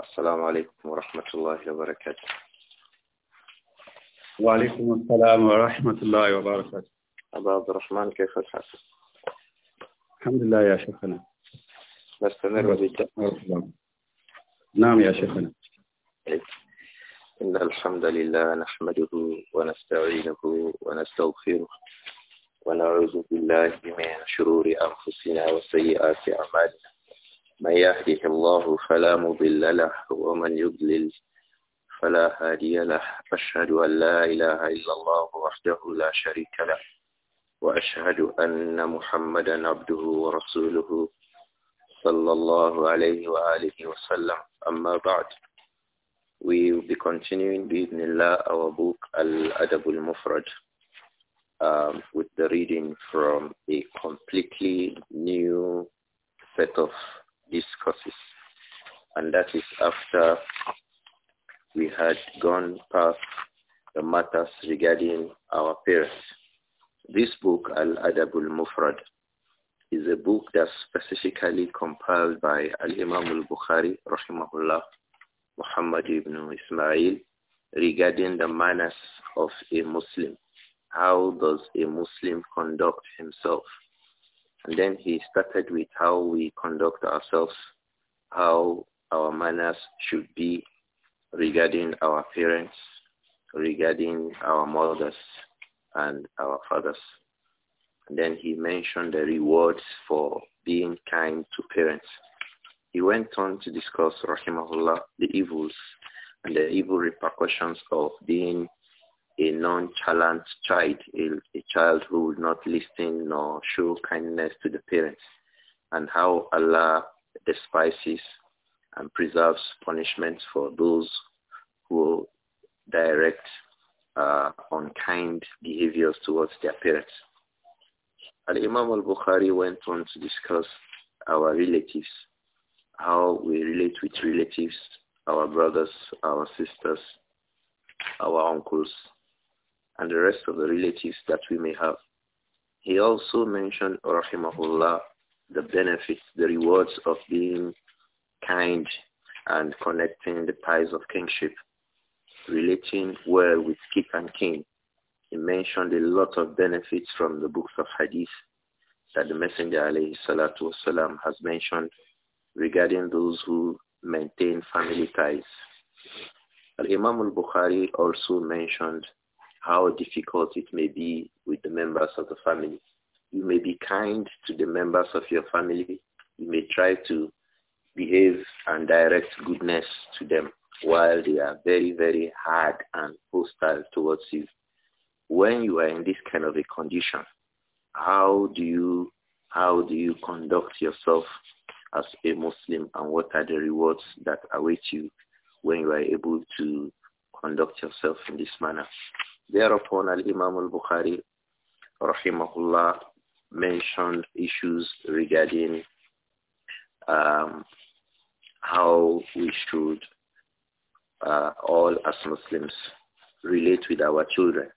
السلام عليكم ورحمة الله وبركاته وعليكم السلام ورحمة الله وبركاته أبا عبد الرحمن كيف الحال؟ الحمد لله يا شيخنا نستمر بالدعاء نعم يا شيخنا إن الحمد لله نحمده ونستعينه ونستغفره ونعوذ بالله من شرور أنفسنا وسيئات أعمالنا من يهده الله فلا مضل له ومن يضلل فلا هادي له أشهد أن لا إله إلا الله وحده لا شريك له وأشهد أن محمدا عبده ورسوله صلى الله عليه وآله وسلم أما بعد We will be continuing بإذن الله our book Al-Adab Al-Mufrad um, with the reading from a completely new set of discusses. And that is after we had gone past the matters regarding our parents. This book, Al-Adabul Mufrad, is a book that's specifically compiled by Al-Imam al-Bukhari, rahimahullah, Muhammad ibn Ismail, regarding the manners of a Muslim. How does a Muslim conduct himself? And then he started with how we conduct ourselves, how our manners should be regarding our parents, regarding our mothers and our fathers. And then he mentioned the rewards for being kind to parents. He went on to discuss, rahimahullah, the evils and the evil repercussions of being a nonchalant child, a, a child who would not listen nor show kindness to the parents, and how Allah despises and preserves punishments for those who direct uh, unkind behaviors towards their parents. Al-Imam al-Bukhari went on to discuss our relatives, how we relate with relatives, our brothers, our sisters, our uncles, and the rest of the relatives that we may have. He also mentioned, rahimahullah, the benefits, the rewards of being kind and connecting the ties of kingship, relating well with king and kin. He mentioned a lot of benefits from the books of hadith that the Messenger والسلام, has mentioned regarding those who maintain family ties. Al-Imam al-Bukhari also mentioned how difficult it may be with the members of the family. You may be kind to the members of your family. You may try to behave and direct goodness to them while they are very, very hard and hostile towards you. When you are in this kind of a condition, how do you how do you conduct yourself as a Muslim and what are the rewards that await you when you are able to conduct yourself in this manner? Thereupon, Al-Imam al-Bukhari, rahimahullah, mentioned issues regarding um, how we should uh, all as Muslims relate with our children.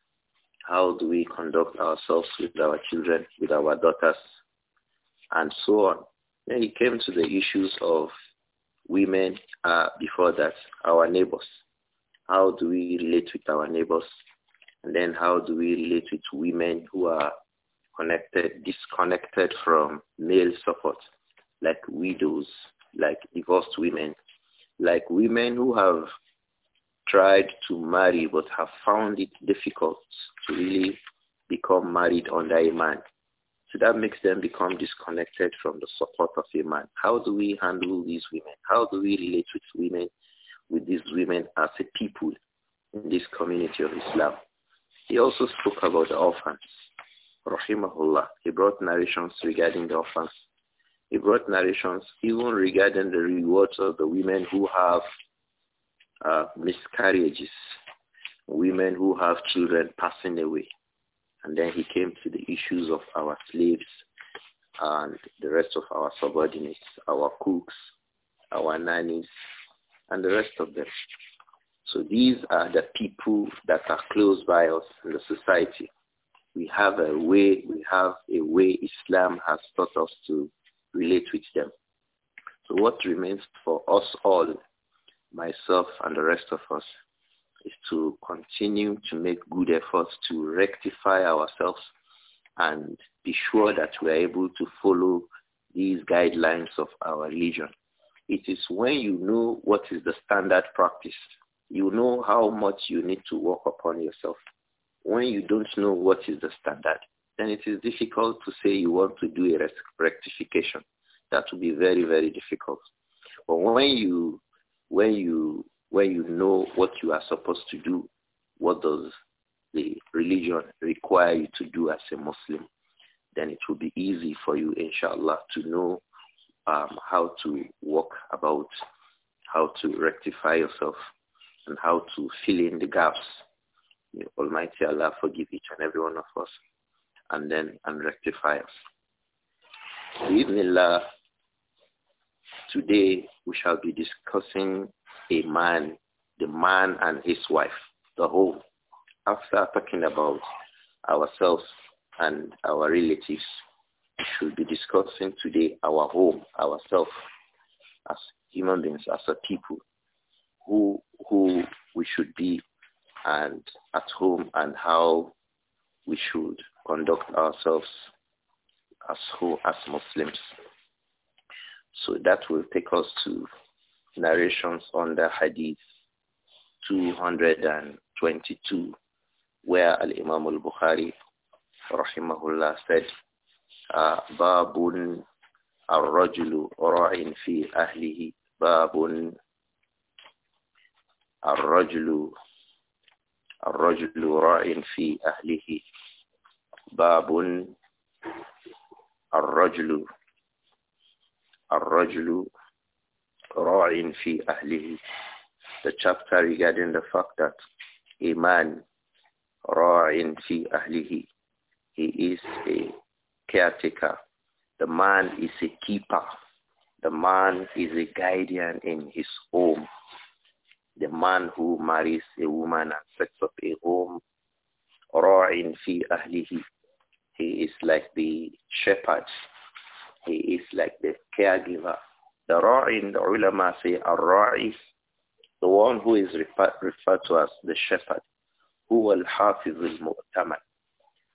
How do we conduct ourselves with our children, with our daughters, and so on. Then he came to the issues of women uh, before that, our neighbors. How do we relate with our neighbors? And then how do we relate with women who are connected, disconnected from male support, like widows, like divorced women, like women who have tried to marry but have found it difficult to really become married under a man. So that makes them become disconnected from the support of a man. How do we handle these women? How do we relate with women, with these women as a people in this community of Islam? He also spoke about the orphans. Rahimahullah. He brought narrations regarding the orphans. He brought narrations even regarding the rewards of the women who have uh, miscarriages, women who have children passing away. And then he came to the issues of our slaves and the rest of our subordinates, our cooks, our nannies, and the rest of them. So these are the people that are close by us in the society. We have a way, we have a way Islam has taught us to relate with them. So what remains for us all, myself and the rest of us, is to continue to make good efforts to rectify ourselves and be sure that we are able to follow these guidelines of our religion. It is when you know what is the standard practice you know how much you need to work upon yourself. When you don't know what is the standard, then it is difficult to say you want to do a rectification. That will be very, very difficult. But when you, when you, when you know what you are supposed to do, what does the religion require you to do as a Muslim, then it will be easy for you, inshallah, to know um, how to walk about, how to rectify yourself and how to fill in the gaps. May Almighty Allah forgive each and every one of us and then and rectify us. today we shall be discussing a man, the man and his wife, the home. After talking about ourselves and our relatives, we should be discussing today our home, ourselves, as human beings, as a people who who we should be and at whom and how we should conduct ourselves as who as Muslims. So that will take us to narrations on the Hadith 222 where Al-Imam Al-Bukhari rahimahullah said باب الرجل راع في أهله باب الرجل الرجل راع في أهله باب الرجل الرجل راع في أهله the chapter regarding the fact that a man راع في أهله he is a caretaker the man is a keeper the man is a guardian in his home the man who marries a woman and sets up a home, ra'in fi ahlihi. He is like the shepherd. He is like the caregiver. The ra'in, the ulama say, ar-ra'i, the one who is refer referred to as the shepherd, who al-hafiz al-mu'taman.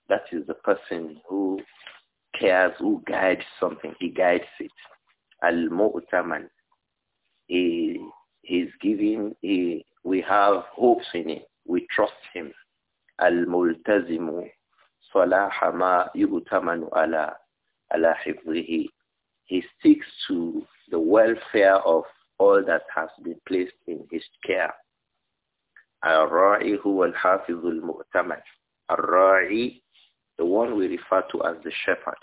That is the person who cares, who guides something. He guides it. Al-mu'taman. He He's giving, he, we have hopes in him. We trust him. Al-multazimu salaha ma yutamanu ala, ala hifzihi. He sticks to the welfare of all that has been placed in his care. Al-ra'i huwa al hafiz al-mu'taman. Al-ra'i, the one we refer to as the shepherd.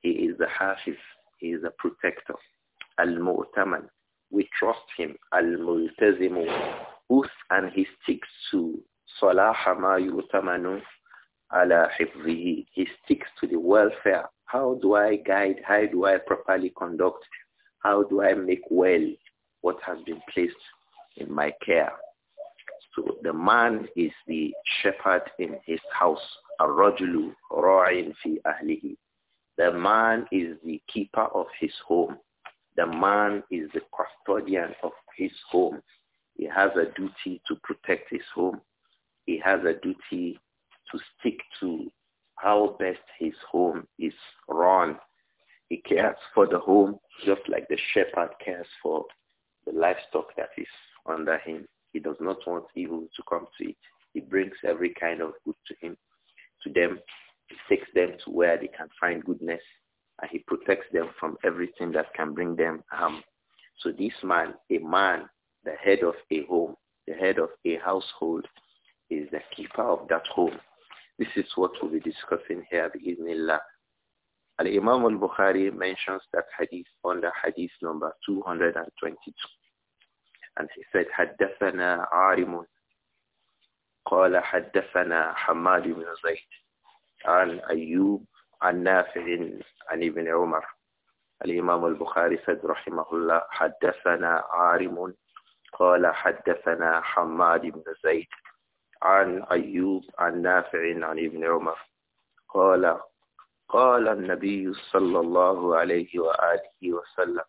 He is the hafiz. He is the protector. Al-mu'taman. We trust him, al-multazimu, and he sticks to salaha ma yutamanu ala hifzihi. He sticks to the welfare. How do I guide? How do I properly conduct? How do I make well what has been placed in my care? So the man is the shepherd in his house. الرجل راع fi أهله. The man is the keeper of his home the man is the custodian of his home. He has a duty to protect his home. He has a duty to stick to how best his home is run. He cares for the home just like the shepherd cares for the livestock that is under him. He does not want evil to come to it. He brings every kind of good to him, to them. He takes them to where they can find goodness and he protects them from everything that can bring them harm. So this man, a man, the head of a home, the head of a household, is the keeper of that home. This is what we'll be discussing here, Bismillah. Al-Imam al-Bukhari mentions that hadith under hadith number 222. And he said, حدثنا عارم قال حدثنا حماد بن زيد عن أيوب عن نافع عن ابن عمر الإمام البخاري سد رحمه الله حدثنا عارم قال حدثنا حماد بن زيد عن أيوب عن نافع عن ابن عمر قال قال النبي صلى الله عليه وآله وسلم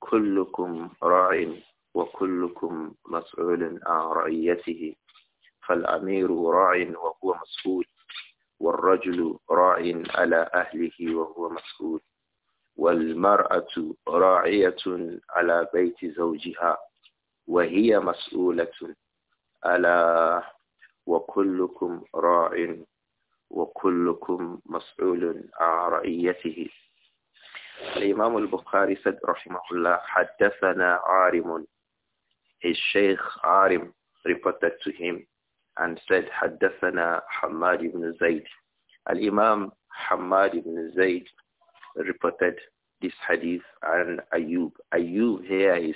كلكم راع وكلكم مسؤول عن رعيته فالأمير راع وهو مسؤول والرجل راع على أهله وهو مسؤول والمرأة راعية على بيت زوجها وهي مسؤولة على وكلكم راع وكلكم مسؤول عن رعيته الإمام البخاري سد رحمه الله حدثنا عارم الشيخ عارم reported to him and said, Haddathana Hamad ibn Zayd. Al-Imam Hamad ibn Zayd reported this hadith and Ayub. Ayub here is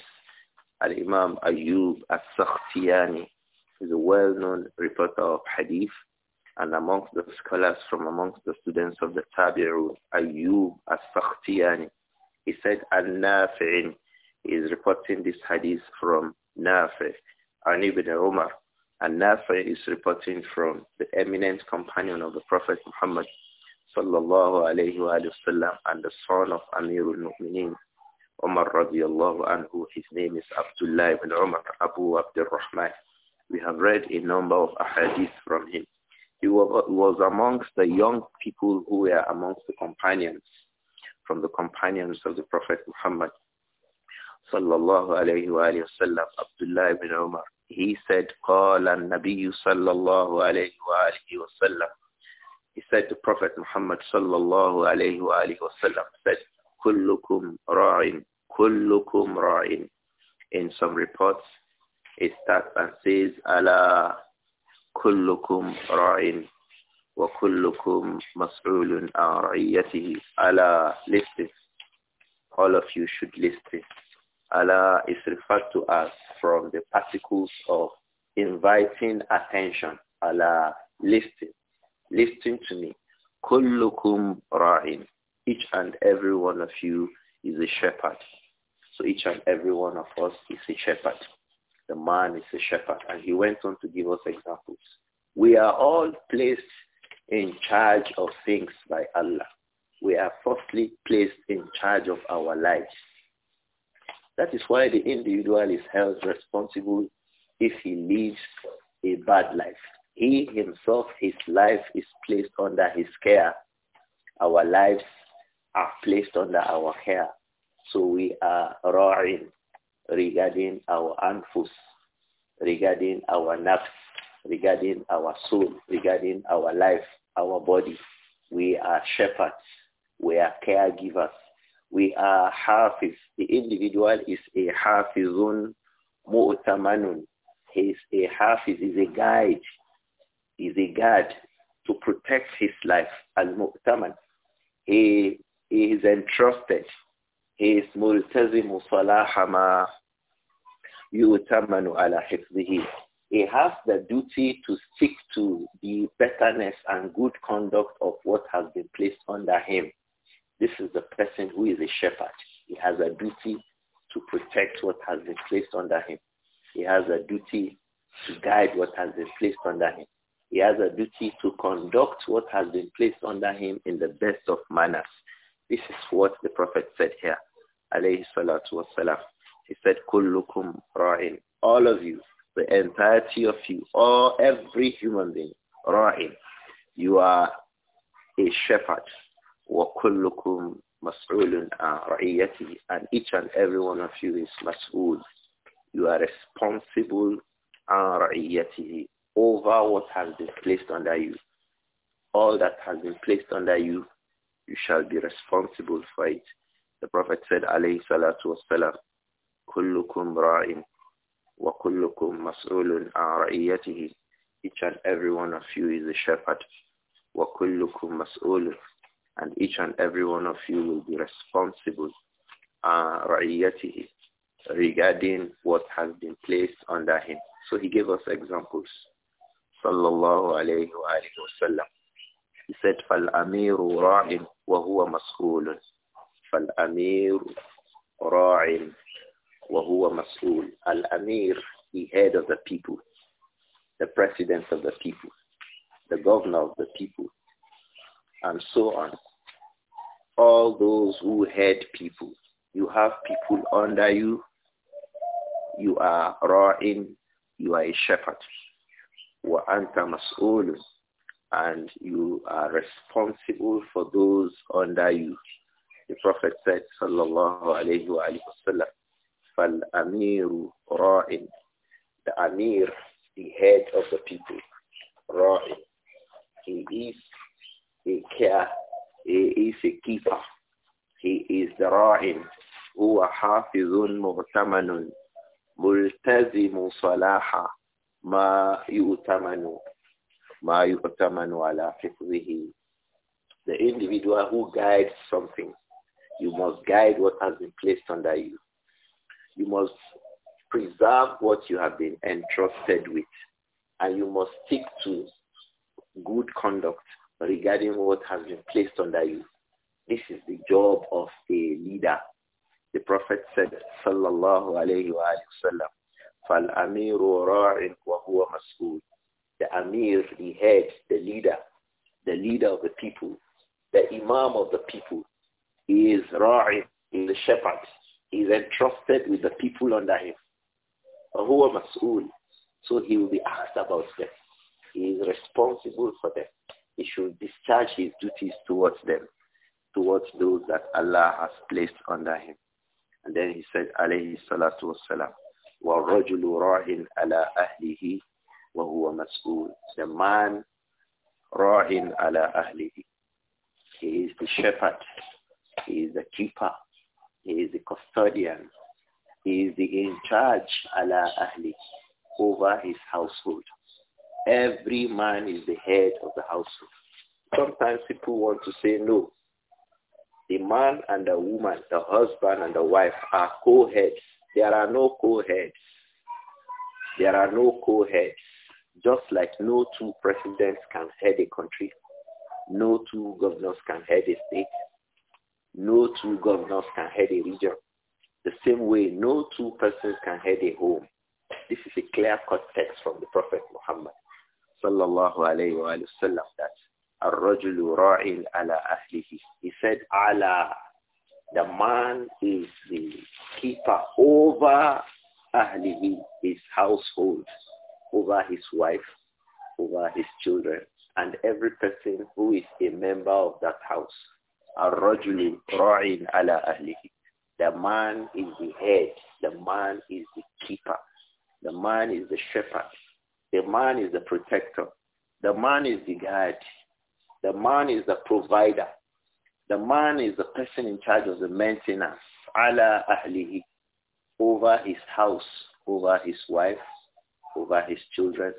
Al-Imam Ayub al-Sakhtiyani, is a well-known reporter of hadith and amongst the scholars from amongst the students of the Tabi'un, Ayub al-Sakhtiyani. He said, Al-Nafi'in is reporting this hadith from Nafi' and Ibn Umar. And Nafi is reporting from the eminent companion of the Prophet Muhammad sallallahu alayhi wa sallam and the son of Amirul Mu'mineen, Umar radiallahu anhu. His name is Abdullah ibn Umar, Abu Abdurrahman. We have read a number of ahadith from him. He was amongst the young people who were amongst the companions, from the companions of the Prophet Muhammad sallallahu alayhi wa sallam, Abdullah ibn Umar. He said, قال النبي صلى الله عليه وآله وسلم. He said to Prophet Muhammad sallallahu alayhi wa alihi wasallam, said, كلكم راع كلكم راع. In some reports, it starts and says, ألا كلكم راع وكلكم مسؤول عن رعيته. ألا listen. All of you should list this." Allah is referred to as from the particles of inviting attention. Allah, listen. Listen to me. Kullukum ra'in. Each and every one of you is a shepherd. So each and every one of us is a shepherd. The man is a shepherd. And he went on to give us examples. We are all placed in charge of things by Allah. We are firstly placed in charge of our lives. That is why the individual is held responsible if he leads a bad life. He himself, his life is placed under his care. Our lives are placed under our care. So we are roaring regarding our anfus, regarding our nafs, regarding our soul, regarding our life, our body. We are shepherds. We are caregivers. We are hafiz. The individual is a hafizun mu'tamanun. He is a hafiz, is a guide, is a guard to protect his life. Al-mu'taman. He, he is entrusted. He is multazimu salahama yu'tamanu ala hifzihi. He has the duty to stick to the betterness and good conduct of what has been placed under him. This is the person who is a shepherd. He has a duty to protect what has been placed under him. He has a duty to guide what has been placed under him. He has a duty to conduct what has been placed under him in the best of manners. This is what the Prophet said here, alayhi salatu wasalam. He said, Kullukum ra'in. All of you, the entirety of you, all every human being, ra'in. You are a shepherd. وَكُلُّكُمْ مسؤول عَنْ رَعِيَّتِهِ And each and every one of you is مسؤول You are responsible عَنْ رَعِيَّتِهِ over what has been placed under you. All that has been placed under you, you shall be responsible for it. The Prophet said, عليه salatu wasalam, كُلُّكُمْ رَاعٍ وَكُلُّكُمْ مسؤول عَنْ رَعِيَّتِهِ Each and every one of you is a shepherd. وَكُلُّكُمْ مسؤول and each and every one of you will be responsible uh, regarding what has been placed under him. So he gave us examples. Sallallahu alayhi wa sallam. He said, فَالْأَمِيرُ رَاعٍ وَهُوَ مَسْئُولٌ فَالْأَمِيرُ رَاعٍ وَهُوَ مَسْئُولٌ Al-Amir, the head of the people, the president of the people, the governor of the people, and so on all those who head people. You have people under you. You are ra'in. You are a shepherd. And you are responsible for those under you. The Prophet said, sallallahu alaihi Wasallam, sallam, فَالْأَمِيرُ The Amir, the head of the people, Ra'in. He is a care he is a keeper. He is the ra'in. هو حافظ مؤتمن ملتزم صلاح Ma yutamanu, ma yutamanu على حفظه the individual who guides something you must guide what has been placed under you you must preserve what you have been entrusted with and you must stick to good conduct regarding what has been placed under you. This is the job of a leader. The Prophet said, Sallallahu alayhi wa sallam, فَالْأَمِيرُ رَاعٍ وَهُوَ مَسْئُولٌ The Amir, the head, the leader, the leader of the people, the Imam of the people, he is Ra'in, is the shepherd. He is entrusted with the people under him. وَهُوَ مَسْئُولٌ So he will be asked about them. He is responsible for them. He should discharge his duties towards them, towards those that Allah has placed under him. And then he said, alayhi salatu wassalam, وَالرَّجُلُ رَاهٍ عَلَىٰ أَهْلِهِ وَهُوَ مَسْئُولٌ The man رَاهٍ عَلَىٰ أَهْلِهِ He is the shepherd. He is the keeper. He is the custodian. He is the in charge ala ahli over his household. Every man is the head of the household. Sometimes people want to say no. The man and the woman, the husband and the wife are co-heads. There are no co-heads. There are no co-heads. Just like no two presidents can head a country. No two governors can head a state. No two governors can head a region. The same way, no two persons can head a home. This is a clear cut text from the Prophet Muhammad sallallahu alayhi wa sallam that الرجل راع على أهله. He said, Allah, the man is the keeper over أهله, his household, over his wife, over his children, and every person who is a member of that house. الرجل راع على أهله. The man is the head. The man is the keeper. The man is the shepherd. The man is the protector. The man is the guide. The man is the provider. The man is the person in charge of the maintenance. Ala ahlihi. Over his house, over his wife, over his children,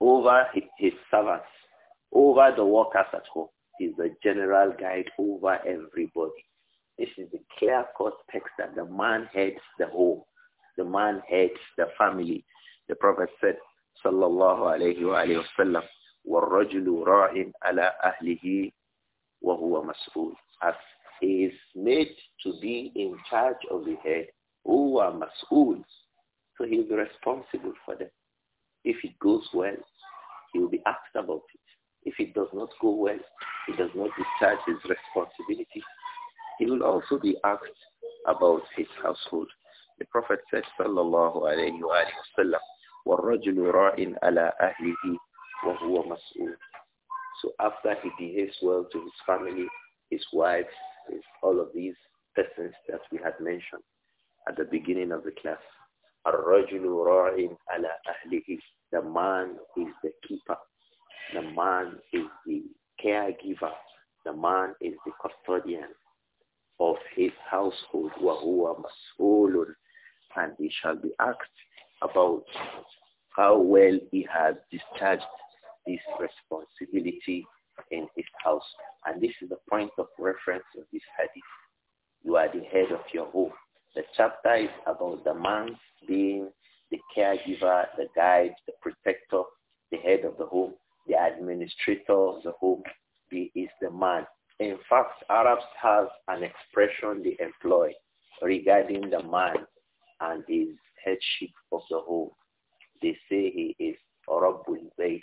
over his servants, over the workers at home. He's the general guide over everybody. This is the clear-cut text that the man heads the home. The man heads the family. The Prophet said, صلى الله عليه وآله وسلم والرجل راع على أهله وهو مسؤول as he is made to be in charge of the head who are مسؤول so he is responsible for them if it goes well he will be asked about it if it does not go well he does not discharge his responsibility he will also be asked about his household the prophet said sallallahu alayhi wa sallam وَالرَّجُلُ عَلَىٰ أَهْلِهِ وَهُوَ So after he behaves well to his family, his wife, his, all of these persons that we had mentioned at the beginning of the class, الرَّجُلُ رَاعٍ عَلَىٰ أَهْلِهِ The man is the keeper. The man is the caregiver. The man is the custodian of his household. وَهُوَ مَسْئُولٌ And he shall be asked about how well he has discharged this responsibility in his house. And this is the point of reference of this hadith. You are the head of your home. The chapter is about the man being the caregiver, the guide, the protector, the head of the home, the administrator of the home. He is the man. In fact, Arabs have an expression they employ regarding the man and his headship of the home. They say he is Rabbul Bayt.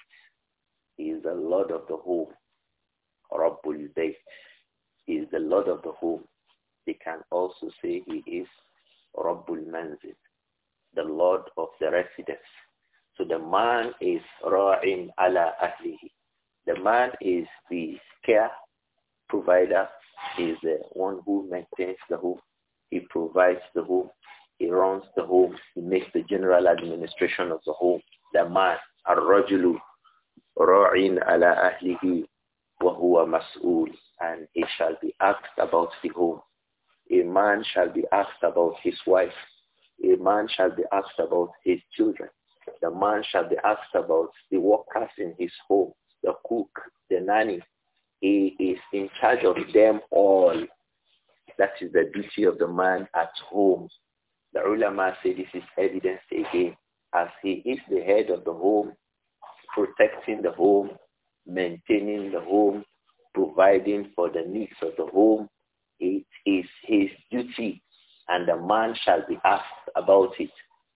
He is the Lord of the home. Rabbul Bayt. He is the Lord of the home. They can also say he is Rabbul Manzil, the Lord of the residence. So the man is Ra'in ala ahlihi. The man is the care provider, is the one who maintains the home. He provides the home. He runs the home. He makes the general administration of the home. The man, الرجل راع على أهله وهو مسؤول and he shall be asked about the home. A man shall be asked about his wife. A man shall be asked about his children. The man shall be asked about the workers in his home, the cook, the nanny. He is in charge of them all. That is the duty of the man at home the ulama say this is evidence again, as he is the head of the home, protecting the home, maintaining the home, providing for the needs of the home. It is his duty, and the man shall be asked about it.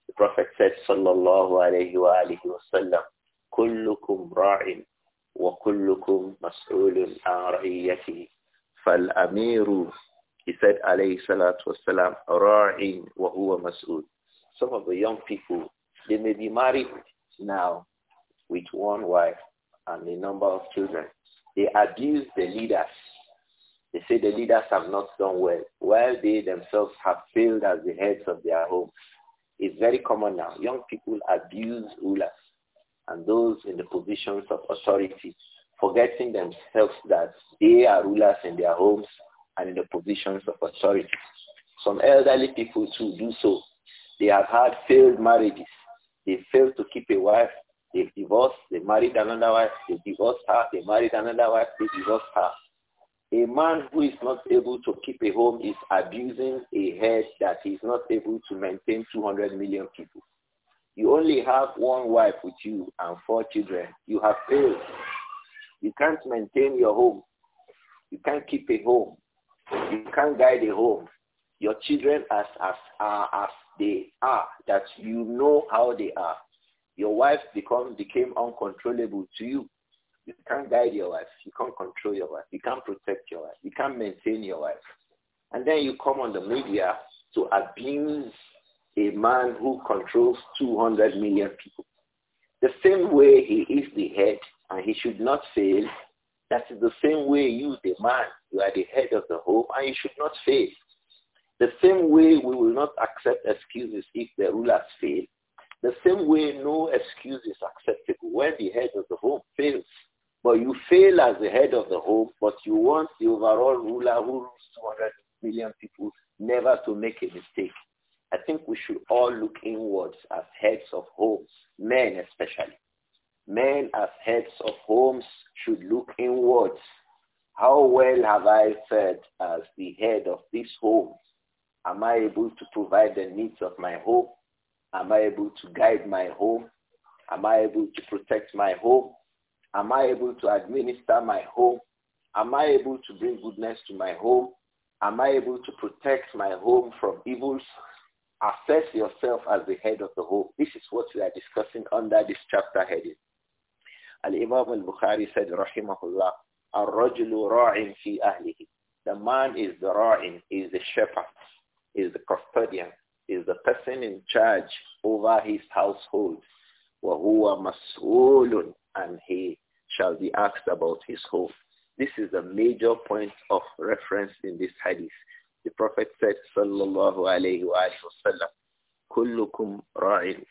The Prophet said, Sallallahu alayhi wa alayhi wa sallam, كلكم راع وكلكم مسؤول عن رعيته فالأمير he said, alayhi salatu wasalam, ra'in wa huwa mas'ud. Some of the young people, they may be married now with one wife and a number of children. They abuse the leaders. They say the leaders have not done well, while they themselves have failed as the heads of their homes. It's very common now. Young people abuse rulers and those in the positions of authority, forgetting themselves that they are rulers in their homes and in the positions of authority. Some elderly people too do so. They have had failed marriages. They failed to keep a wife. They divorced. They married another wife. They divorced her. They married another wife. They divorced her. A man who is not able to keep a home is abusing a head that is not able to maintain 200 million people. You only have one wife with you and four children. You have failed. You can't maintain your home. You can't keep a home. You can't guide a home. Your children as, as, are as they are, that you know how they are. Your wife become, became uncontrollable to you. You can't guide your wife. You can't control your wife. You can't protect your wife. You can't maintain your wife. And then you come on the media to abuse a man who controls 200 million people. The same way he is the head and he should not fail, that is the same way you, the man, you are the head of the home and you should not fail. The same way we will not accept excuses if the rulers fail. The same way no excuse is acceptable when the head of the home fails. But you fail as the head of the home, but you want the overall ruler who rules 200 million people never to make a mistake. I think we should all look inwards as heads of homes, men especially. Men as heads of homes should look inwards. How well have I fared as the head of this home? Am I able to provide the needs of my home? Am I able to guide my home? Am I able to protect my home? Am I able to administer my home? Am I able to bring goodness to my home? Am I able to protect my home from evils? Assess yourself as the head of the home. This is what we are discussing under this chapter heading. Al-Imam al-Bukhari said, rahimahullah, الرجل راع في أهله. The man is the ra'in, is the shepherd, is the custodian, is the person in charge over his household. وَهُوَ مَسْئُولٌ And he shall be asked about his home. This is a major point of reference in this hadith. The Prophet said, sallallahu alayhi wasallam, sallam, كُلُّكُمْ رَاعٍ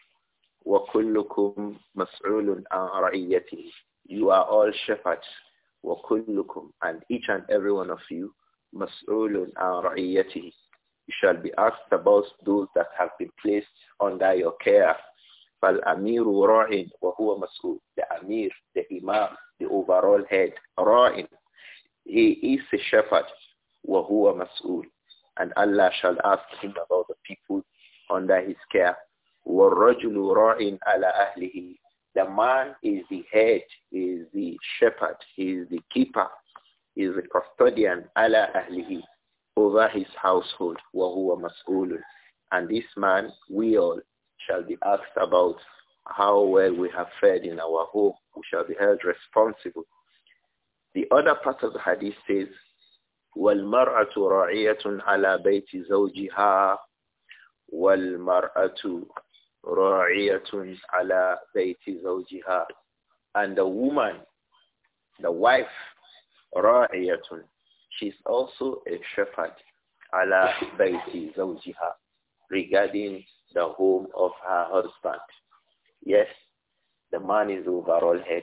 وَكُلُّكُمْ عَنْ رَعِيَّتِهِ You are all shepherds. وَكُلُّكُمْ And each and every one of you مَسْعُولٌ عَنْ رَعِيَّتِهِ You shall be asked about those that have been placed under your care. فَالْأَمِيرُ رَاعٍ وَهُوَ The Amir, the Imam, the overall head, رَاعٍ He is a shepherd. وَهُوَ And Allah shall ask him about the people under his care. وَالرَّجُلُ عَلَى أَهْلِهِ The man is the head, is the shepherd, is the keeper, is the custodian, على أهلِهِ over his household, وَهُوَ مَسْئُولٌ And this man, we all, shall be asked about how well we have fared in our home. We shall be held responsible. The other part of the hadith says, وَالْمَرْأَةُ رَعِيَةٌ عَلَى بَيْتِ زَوْجِهَا وَالْمَرْأَةُ ra'iyatun ala bayti zawjiha. And the woman, the wife, ra'iyatun, she's also a shepherd ala bayti zawjiha regarding the home of her husband. Yes, the man is overall head,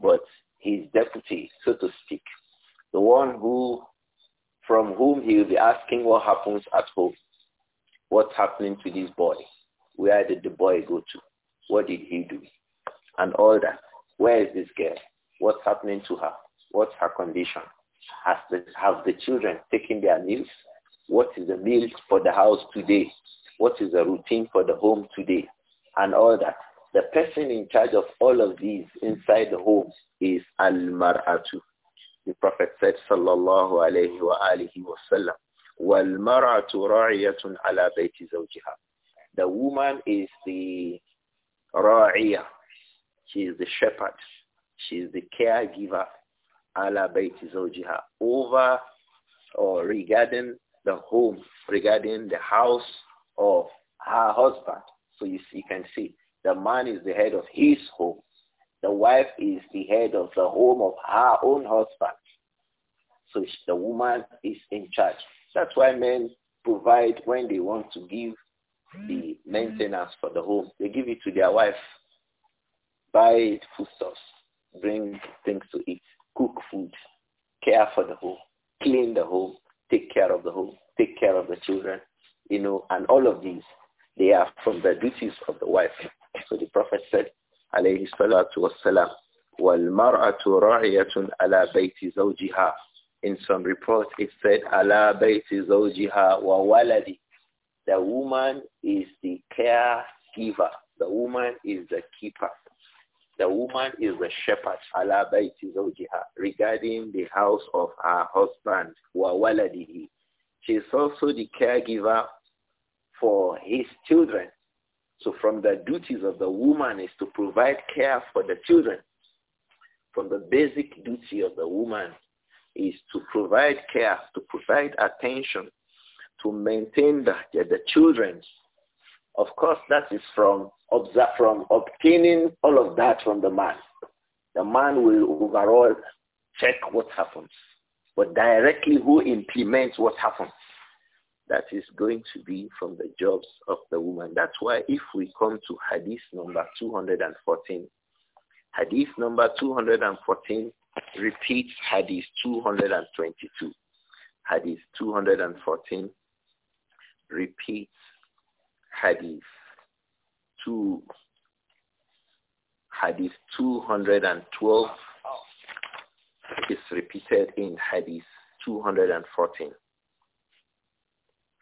but his deputy, so to speak, the one who, from whom he will be asking what happens at home, what's happening to this boy, where did the boy go to? What did he do? And all that. Where is this girl? What's happening to her? What's her condition? Has the, have the children taken their meals? What is the meal for the house today? What is the routine for the home today? And all that. The person in charge of all of these inside the home is al-mar'atu. The Prophet said, sallallahu alaihi wa alihi wa wal-maratu رَاعِيَةٌ ala بَيْتِ زَوْجِهَا the woman is the ra'iyah. She is the shepherd. She is the caregiver. Ala zawjiha. Over or regarding the home, regarding the house of her husband. So you, see, you can see the man is the head of his home. The wife is the head of the home of her own husband. So the woman is in charge. That's why men provide when they want to give the mm-hmm. maintenance for the home. They give it to their wife. Buy foodstuffs. Bring things to eat. Cook food. Care for the home. Clean the home. Take care of the home. Take care of the children. You know, and all of these, they are from the duties of the wife. So the Prophet said, alayhi salatu wassalam, وَالْمَرْأَةُ رَعِيَةٌ عَلَى بَيْتِ زَوْجِهَا In some reports, it said, عَلَى بَيْتِ زَوْجِهَا وَوَلَدِهِ the woman is the caregiver. The woman is the keeper. The woman is the shepherd, ala regarding the house of her husband, wa She is also the caregiver for his children. So from the duties of the woman is to provide care for the children. From the basic duty of the woman is to provide care, to provide attention to maintain the, the children. Of course, that is from, from obtaining all of that from the man. The man will overall check what happens. But directly who implements what happens, that is going to be from the jobs of the woman. That's why if we come to hadith number 214, hadith number 214 repeats hadith 222. Hadith 214 repeats hadith two hadith 212 is repeated in hadith 214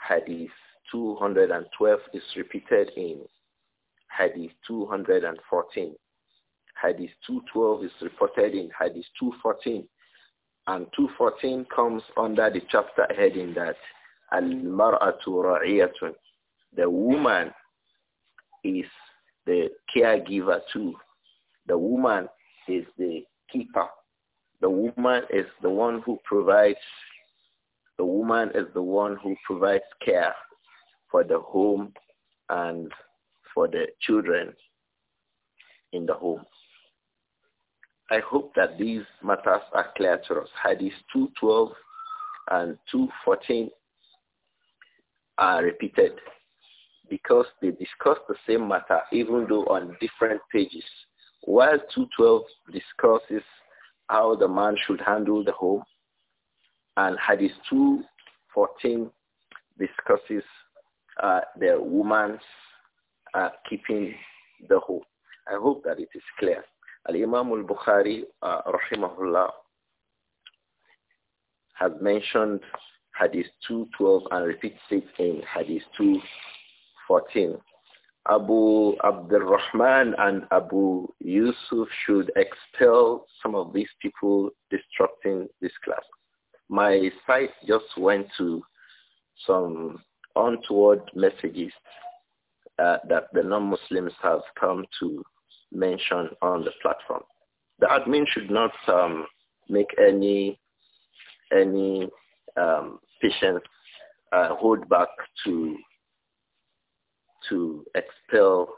hadith 212 is repeated in hadith 214 hadith 212 is reported in hadith 214 and 214 comes under the chapter heading that Al-mar'atu ra'iyatun. The woman is the caregiver too. The woman is the keeper. The woman is the one who provides the woman is the one who provides care for the home and for the children in the home. I hope that these matters are clear to us. Hadith 212 and 214 are repeated because they discuss the same matter even though on different pages. While 212 discusses how the man should handle the home and Hadith 214 discusses uh, the woman's uh, keeping the home. I hope that it is clear. Al-Imam al-Bukhari, uh, rahimahullah, has mentioned Hadith 212 and repeats it in Hadith 214. Abu Abdul Rahman and Abu Yusuf should expel some of these people disrupting this class. My site just went to some untoward messages uh, that the non-Muslims have come to mention on the platform. The admin should not um, make any any um, patients uh, hold back to to expel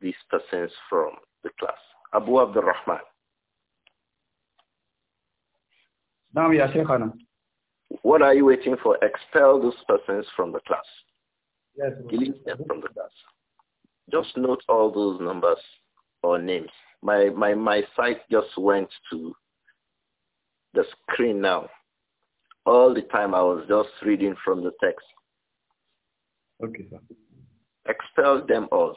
these persons from the class. Abu Abdurrahman. Rahman. What are you waiting for? Expel those persons from the class. Yes. Delete them from the class. Just note all those numbers or names. My my my site just went to the screen now all the time I was just reading from the text. Okay, sir. Expel them all.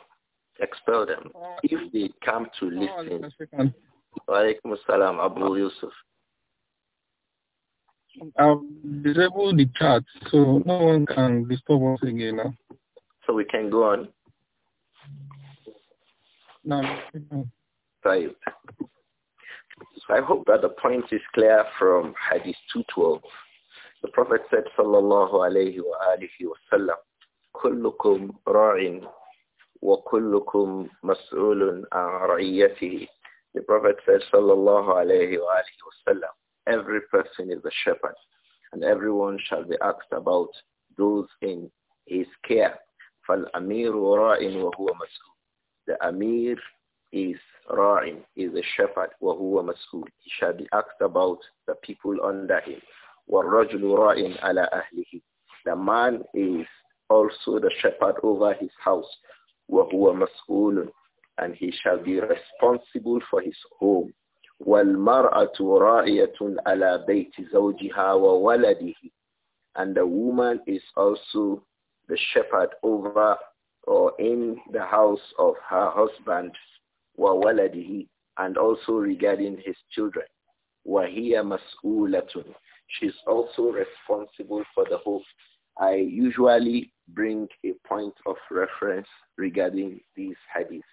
Expel them. Uh, if they come to listen. Walaikum salam, Abu uh, Yusuf. I've disabled the chat, so no one can disturb us again now. Uh. So we can go on. No. Right. So I hope that the point is clear from Hadith 212. The Prophet said, sallallahu alayhi wa alihi wa sallam, كلكم راع وكلكم مسؤول عن رعيته. The Prophet said, sallallahu alayhi wa alihi wa sallam, every person is a shepherd and everyone shall be asked about those in his care. فالأمير راع وهو مسؤول. The Amir is ra'in, is a shepherd, وهو مسؤول. He shall be asked about the people under him. وَالرَّجُلُ عَلَىٰ أَهْلِهِ The man is also the shepherd over his house. وَهُوَ مَسْؤُولٌ, And he shall be responsible for his home. وَالْمَرْأَةُ رَاعِيَةٌ عَلَىٰ بَيْتِ زَوْجِهَا وَوَلَدِهِ And the woman is also the shepherd over or in the house of her husband وَوَلَدِهِ and also regarding his children. وَهِيَ مَسْؤُولَةٌ. She's also responsible for the host. I usually bring a point of reference regarding these hadiths.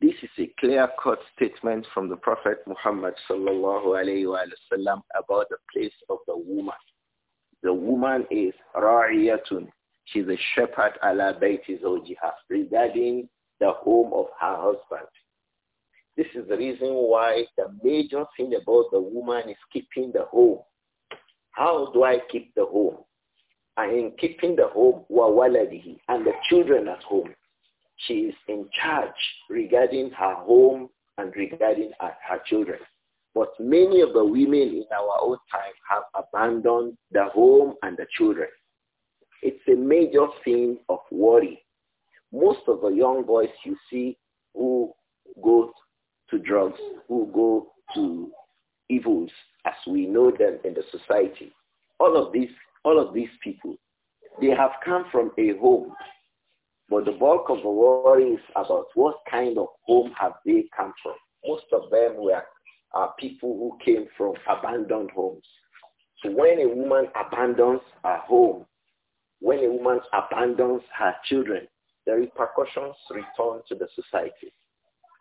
This is a clear-cut statement from the Prophet Muhammad sallallahu alayhi wa sallam about the place of the woman. The woman is ra'iyatun. She's a shepherd ala bayti zawjiha regarding the home of her husband. This is the reason why the major thing about the woman is keeping the home. How do I keep the home? I am keeping the home, wawaladihi, and the children at home, she is in charge regarding her home and regarding her, her children. But many of the women in our own time have abandoned the home and the children. It's a major thing of worry. Most of the young boys you see who go to drugs, who go to evils as we know them in the society. All of these, all of these people, they have come from a home. But the bulk of the worry is about what kind of home have they come from. Most of them were uh, people who came from abandoned homes. So when a woman abandons her home, when a woman abandons her children, the repercussions return to the society.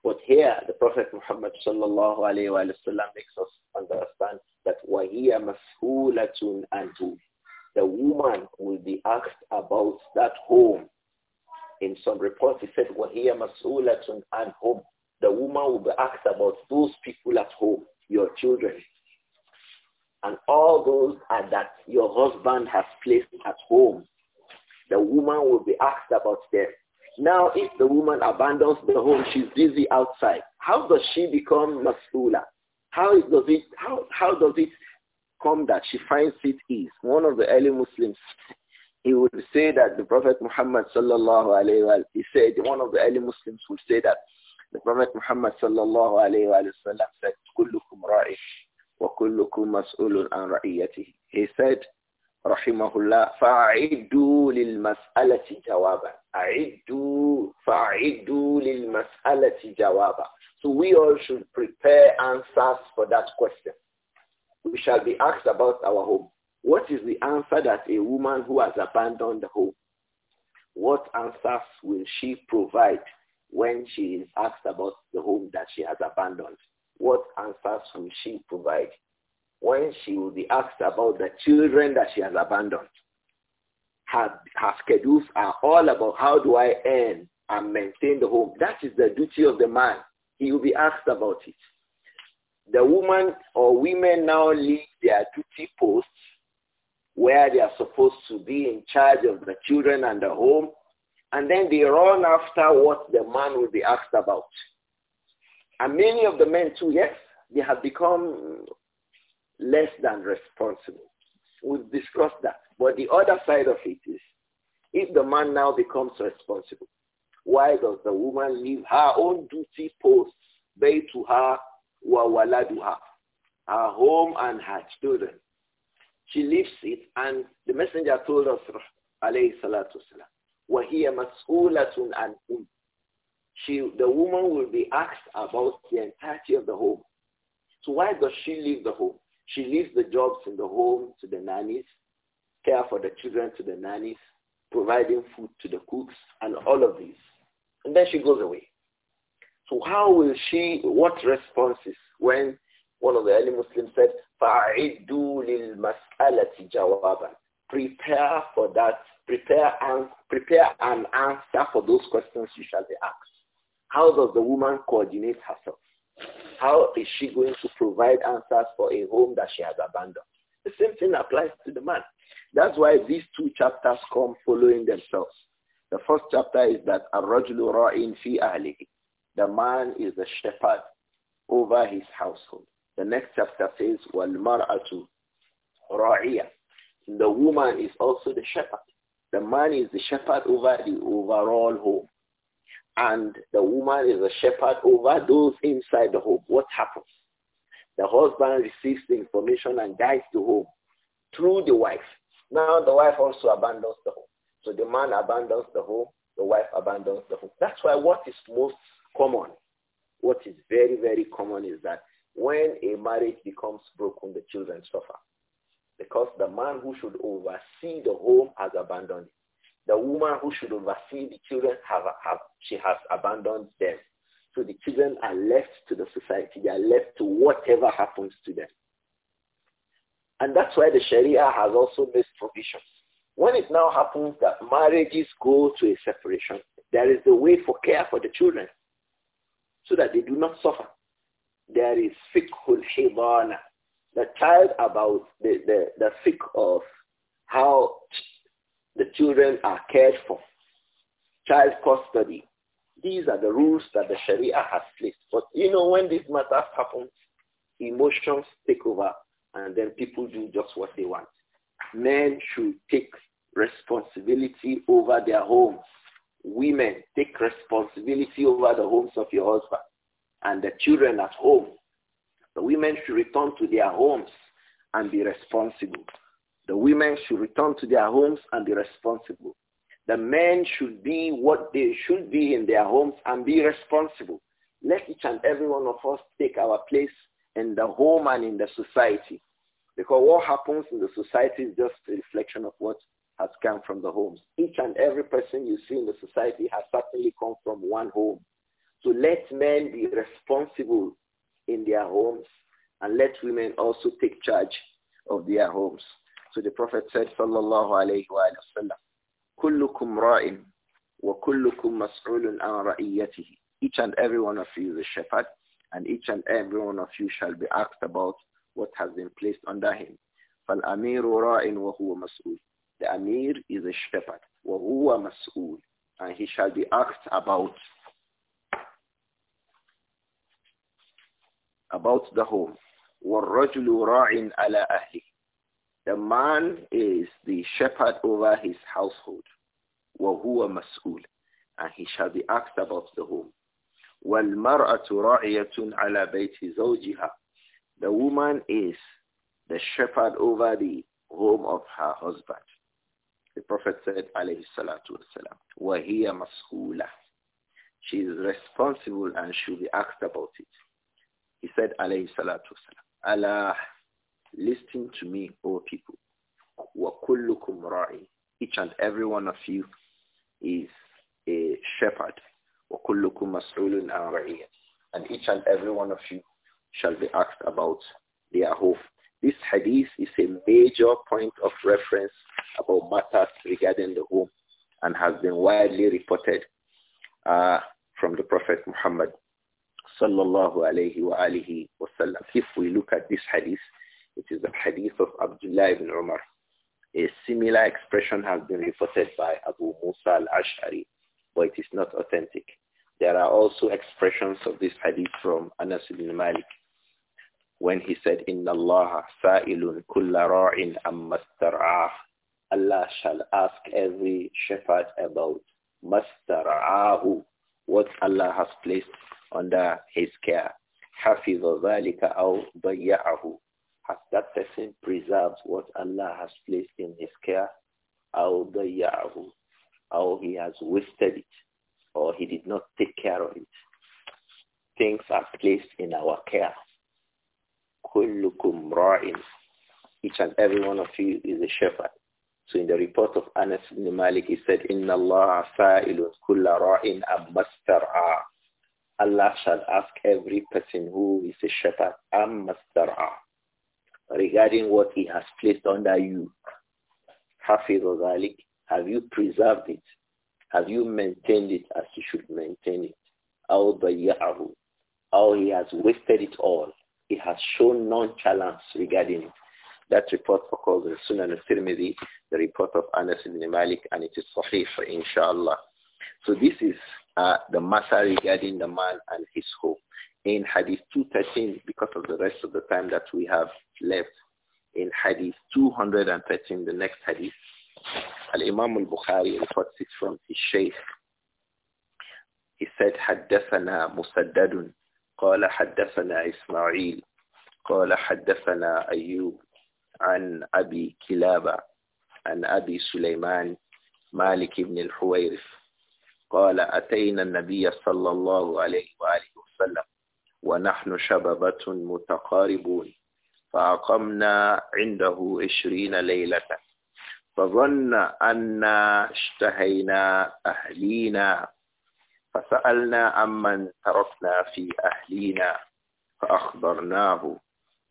But here, the Prophet Muhammad sallallahu alayhi wa sallam makes us understand that وَهِيَ مَسْهُولَةٌ أَنْتُ The woman will be asked about that home. In some reports, it said وَهِيَ مَسْهُولَةٌ عَنْ The woman will be asked about those people at home, your children, and all those that your husband has placed at home. The woman will be asked about them. Now, if the woman abandons the home, she's busy outside. How does she become masula? How does it how how does it come that she finds it is? One of the early Muslims, he would say that the Prophet Muhammad sallallahu alaihi wa he said one of the early Muslims would say that the Prophet Muhammad sallallahu alaihi wa sallam said, "Kullukum ra'ish wa kullukum mas'ulun an ra'iyatihi." He said, rahimahullah, So we all should prepare answers for that question. We shall be asked about our home. What is the answer that a woman who has abandoned the home, what answers will she provide when she is asked about the home that she has abandoned? What answers will she provide? when she will be asked about the children that she has abandoned. Her, her schedules are all about how do I earn and maintain the home. That is the duty of the man. He will be asked about it. The woman or women now leave their duty posts where they are supposed to be in charge of the children and the home, and then they run after what the man will be asked about. And many of the men too, yes, they have become less than responsible. We've discussed that. But the other side of it is, if the man now becomes responsible, why does the woman leave her own duty post, bay to her, wa waladuha, her home and her children? She leaves it and the messenger told us, alayhi salatu wasalam, وَهِيَ مَسْئُولَةٌ عَنْهُمْ she, the woman will be asked about the entirety of the home. So why does she leave the home? She leaves the jobs in the home to the nannies, care for the children to the nannies, providing food to the cooks and all of these. And then she goes away. So how will she, what response is when one of the early Muslims said, lil masalati jawaban." Prepare for that, prepare, and, prepare an answer for those questions you shall be asked. How does the woman coordinate herself? How is she going to provide answers for a home that she has abandoned? The same thing applies to the man. That's why these two chapters come following themselves. The first chapter is that الرجل راع في أهله. The man is the shepherd over his household. The next chapter says والمرأة راعية. The woman is also the shepherd. The man is the shepherd over the overall home and the woman is a shepherd over those inside the home, what happens? The husband receives the information and guides the home through the wife. Now the wife also abandons the home. So the man abandons the home, the wife abandons the home. That's why what is most common, what is very, very common is that when a marriage becomes broken, the children suffer. Because the man who should oversee the home has abandoned it. The woman who should oversee the children have, have she has abandoned them. So the children are left to the society. They are left to whatever happens to them. And that's why the Sharia has also made provisions. When it now happens that marriages go to a separation, there is the way for care for the children so that they do not suffer. There is fiqhul hibana, the child about the, the, the fiqh of how the children are cared for. Child custody. These are the rules that the Sharia has placed. But you know, when these matters happen, emotions take over and then people do just what they want. Men should take responsibility over their homes. Women, take responsibility over the homes of your husband and the children at home. The women should return to their homes and be responsible. The women should return to their homes and be responsible. The men should be what they should be in their homes and be responsible. Let each and every one of us take our place in the home and in the society. Because what happens in the society is just a reflection of what has come from the homes. Each and every person you see in the society has certainly come from one home. So let men be responsible in their homes and let women also take charge of their homes. So the Prophet said, sallallahu alayhi wa sallam, كلكم راع وكلكم مسؤول عن رعيته. Each and every one of you is a shepherd, and each and every one of you shall be asked about what has been placed under him. فالأمير راع وهو مسؤول. The Amir is a shepherd. وهو مسؤول. And he shall be asked about about the home. والرجل راع على أهله the man is the shepherd over his household. وَهُوَ مَسْئُولٌ And he shall be asked about the home. وَالْمَرْأَةُ رَعِيَةٌ عَلَى بَيْتِ زَوْجِهَا The woman is the shepherd over the home of her husband. The Prophet said, alayhi salatu wasalam, وَهِيَ مَسْئُولَةٌ She is responsible and she'll be asked about it. He said, alayhi salatu wasalam, Allah Listen to me, O people. وَكُلُّكُمْ Each and every one of you is a shepherd. وَكُلُّكُمْ مَسْعُولٌ عَنْ And each and every one of you shall be asked about their home. This hadith is a major point of reference about matters regarding the home and has been widely reported uh, from the Prophet Muhammad sallallahu alayhi wa alihi wasallam. If we look at this hadith, it is the hadith of Abdullah ibn Umar. A similar expression has been reported by Abu Musa al-Ash'ari, but it is not authentic. There are also expressions of this hadith from Anas ibn Malik when he said, Inna Allah sa'ilun kulla ra'in amma Allah shall ask every shepherd about mastar'ahu, what Allah has placed under his care. حفظ ذلك أو ضيعه as that person preserves what Allah has placed in his care, the ضيعه, or he has wasted it, or he did not take care of it. Things are placed in our care. Each and every one of you is a shepherd. So in the report of Anas ibn Malik, he said, "Inna Allah سَائِلٌ كُلَّ ra'in ammastara." Allah shall ask every person who is a shepherd, "Ammastara." regarding what he has placed under you. Hafiz or have you preserved it? Have you maintained it as you should maintain it? Aw he has wasted it all. He has shown nonchalance regarding it. That report for calls the Sunan al-Tirmidhi, the report of Anas ibn Malik, and it is sahih, inshallah. So this is uh, the matter regarding the man and his home in Hadith 213 because of the rest of the time that we have left. In Hadith 213, the next Hadith, Al-Imam al-Bukhari reports it from his Shaykh. He said, حدثنا مسدد قال حدثنا إسماعيل قال حدثنا أيوب عن أبي كلابة عن أبي سليمان مالك بن الحويرث قال أتينا النبي صلى الله عليه وآله وسلم ونحن شببة متقاربون فأقمنا عنده عشرين ليلة فظن أن اشتهينا أهلينا فسألنا عمن تركنا في أهلينا فأخبرناه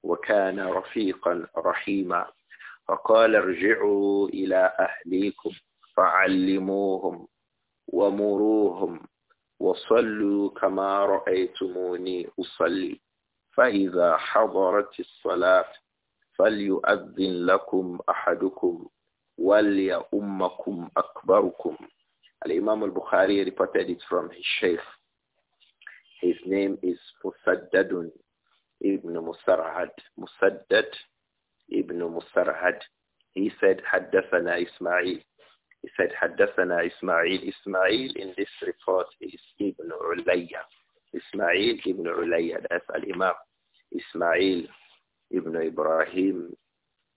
وكان رفيقا رحيما فقال ارجعوا إلى أهليكم فعلموهم ومروهم وصلوا كما رأيتموني أصلي فإذا حضرت الصلاة فليؤذن لكم أحدكم وليأمكم أكبركم al-Bukhari reported it from his sheikh. His name is Musaddadun ibn Musarhad. Musaddad ibn Musarhad. He said, حدثنا إسماعيل he said, "Hadassana Ismail. Ismail in this report is Ibn Ulayya. Ismail Ibn Ulayya, that's Al-Imam. Ismail Ibn Ibrahim,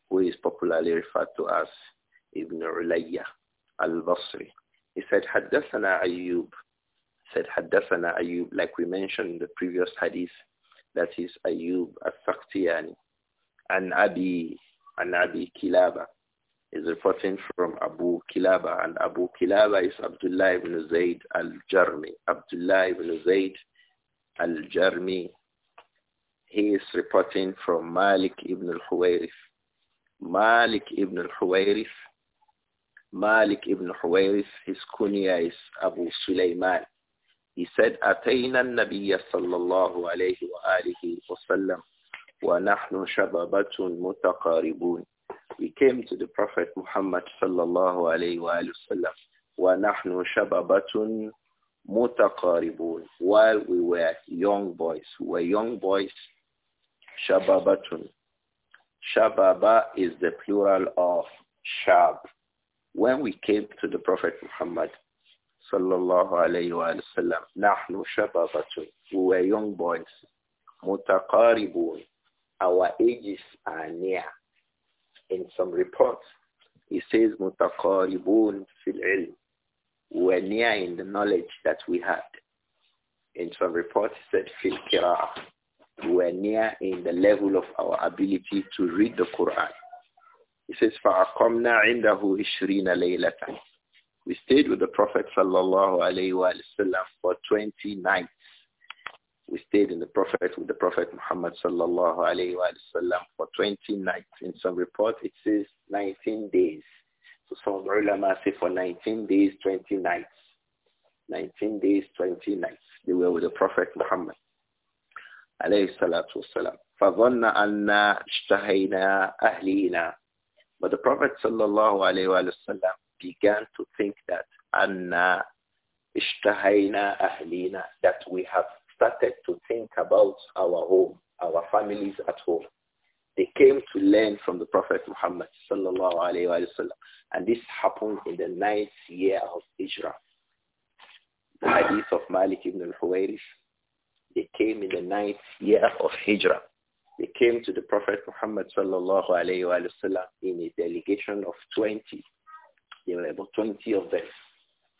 who is popularly referred to as Ibn Ulayya Al-Basri. He said, Haddasana Ayyub. said, Haddasana Ayyub, like we mentioned in the previous hadith, that is Ayyub al-Saqtiyani. An Abi, an Abi Kilaba is reporting from Abu Kilaba, and Abu Kilaba is Abdullah ibn Zaid al-Jarmi. Abdullah ibn Zaid al-Jarmi, he is reporting from Malik ibn al-Huwairif. Malik ibn al-Huwairif, Malik ibn al-Huwairif, his kunya is Abu Sulaiman. He said, أتينا النبي صلى الله عليه وآله وسلم ونحن شبابة متقاربون we came to the Prophet Muhammad sallallahu alayhi wa sallam وَنَحْنُ شَبَبَةٌ مُتَقَارِبُونَ While we were young boys, we were young boys, shababatun. Shababa is the plural of shab. When we came to the Prophet Muhammad sallallahu alayhi wa sallam, نَحْنُ شَبَبَةٌ We were young boys, مُتَقَارِبُونَ Our ages are near in some reports, he says, متقاربون fil ilm, We're near in the knowledge that we had. In some reports, he said, fil القراءة. We're near in the level of our ability to read the Quran. He says, فَأَقَمْنَا عِنْدَهُ ishrina laylatan, We stayed with the Prophet sallallahu alayhi wa sallam for 20 nights. We stayed in the Prophet with the Prophet Muhammad sallallahu alayhi wa sallam for 20 nights. In some reports, it says 19 days. So some ulama say for 19 days, 20 nights. 19 days, 20 nights. They were with the Prophet Muhammad alayhi salatu wasalam. فَظَنَّ أَنَّا اشْتَهَيْنَا أَهْلِينَا But the Prophet sallallahu alayhi wa sallam began to think that أَنَّا اشْتَهَيْنَا أَهْلِينَا That we have started to think about our home, our families at home. They came to learn from the Prophet Muhammad sallallahu alayhi wa sallam. And this happened in the ninth year of Hijrah. The hadith of Malik ibn al-Huwairis, they came in the ninth year of Hijrah. They came to the Prophet Muhammad sallallahu alayhi wa sallam in a delegation of 20. There were about 20 of them.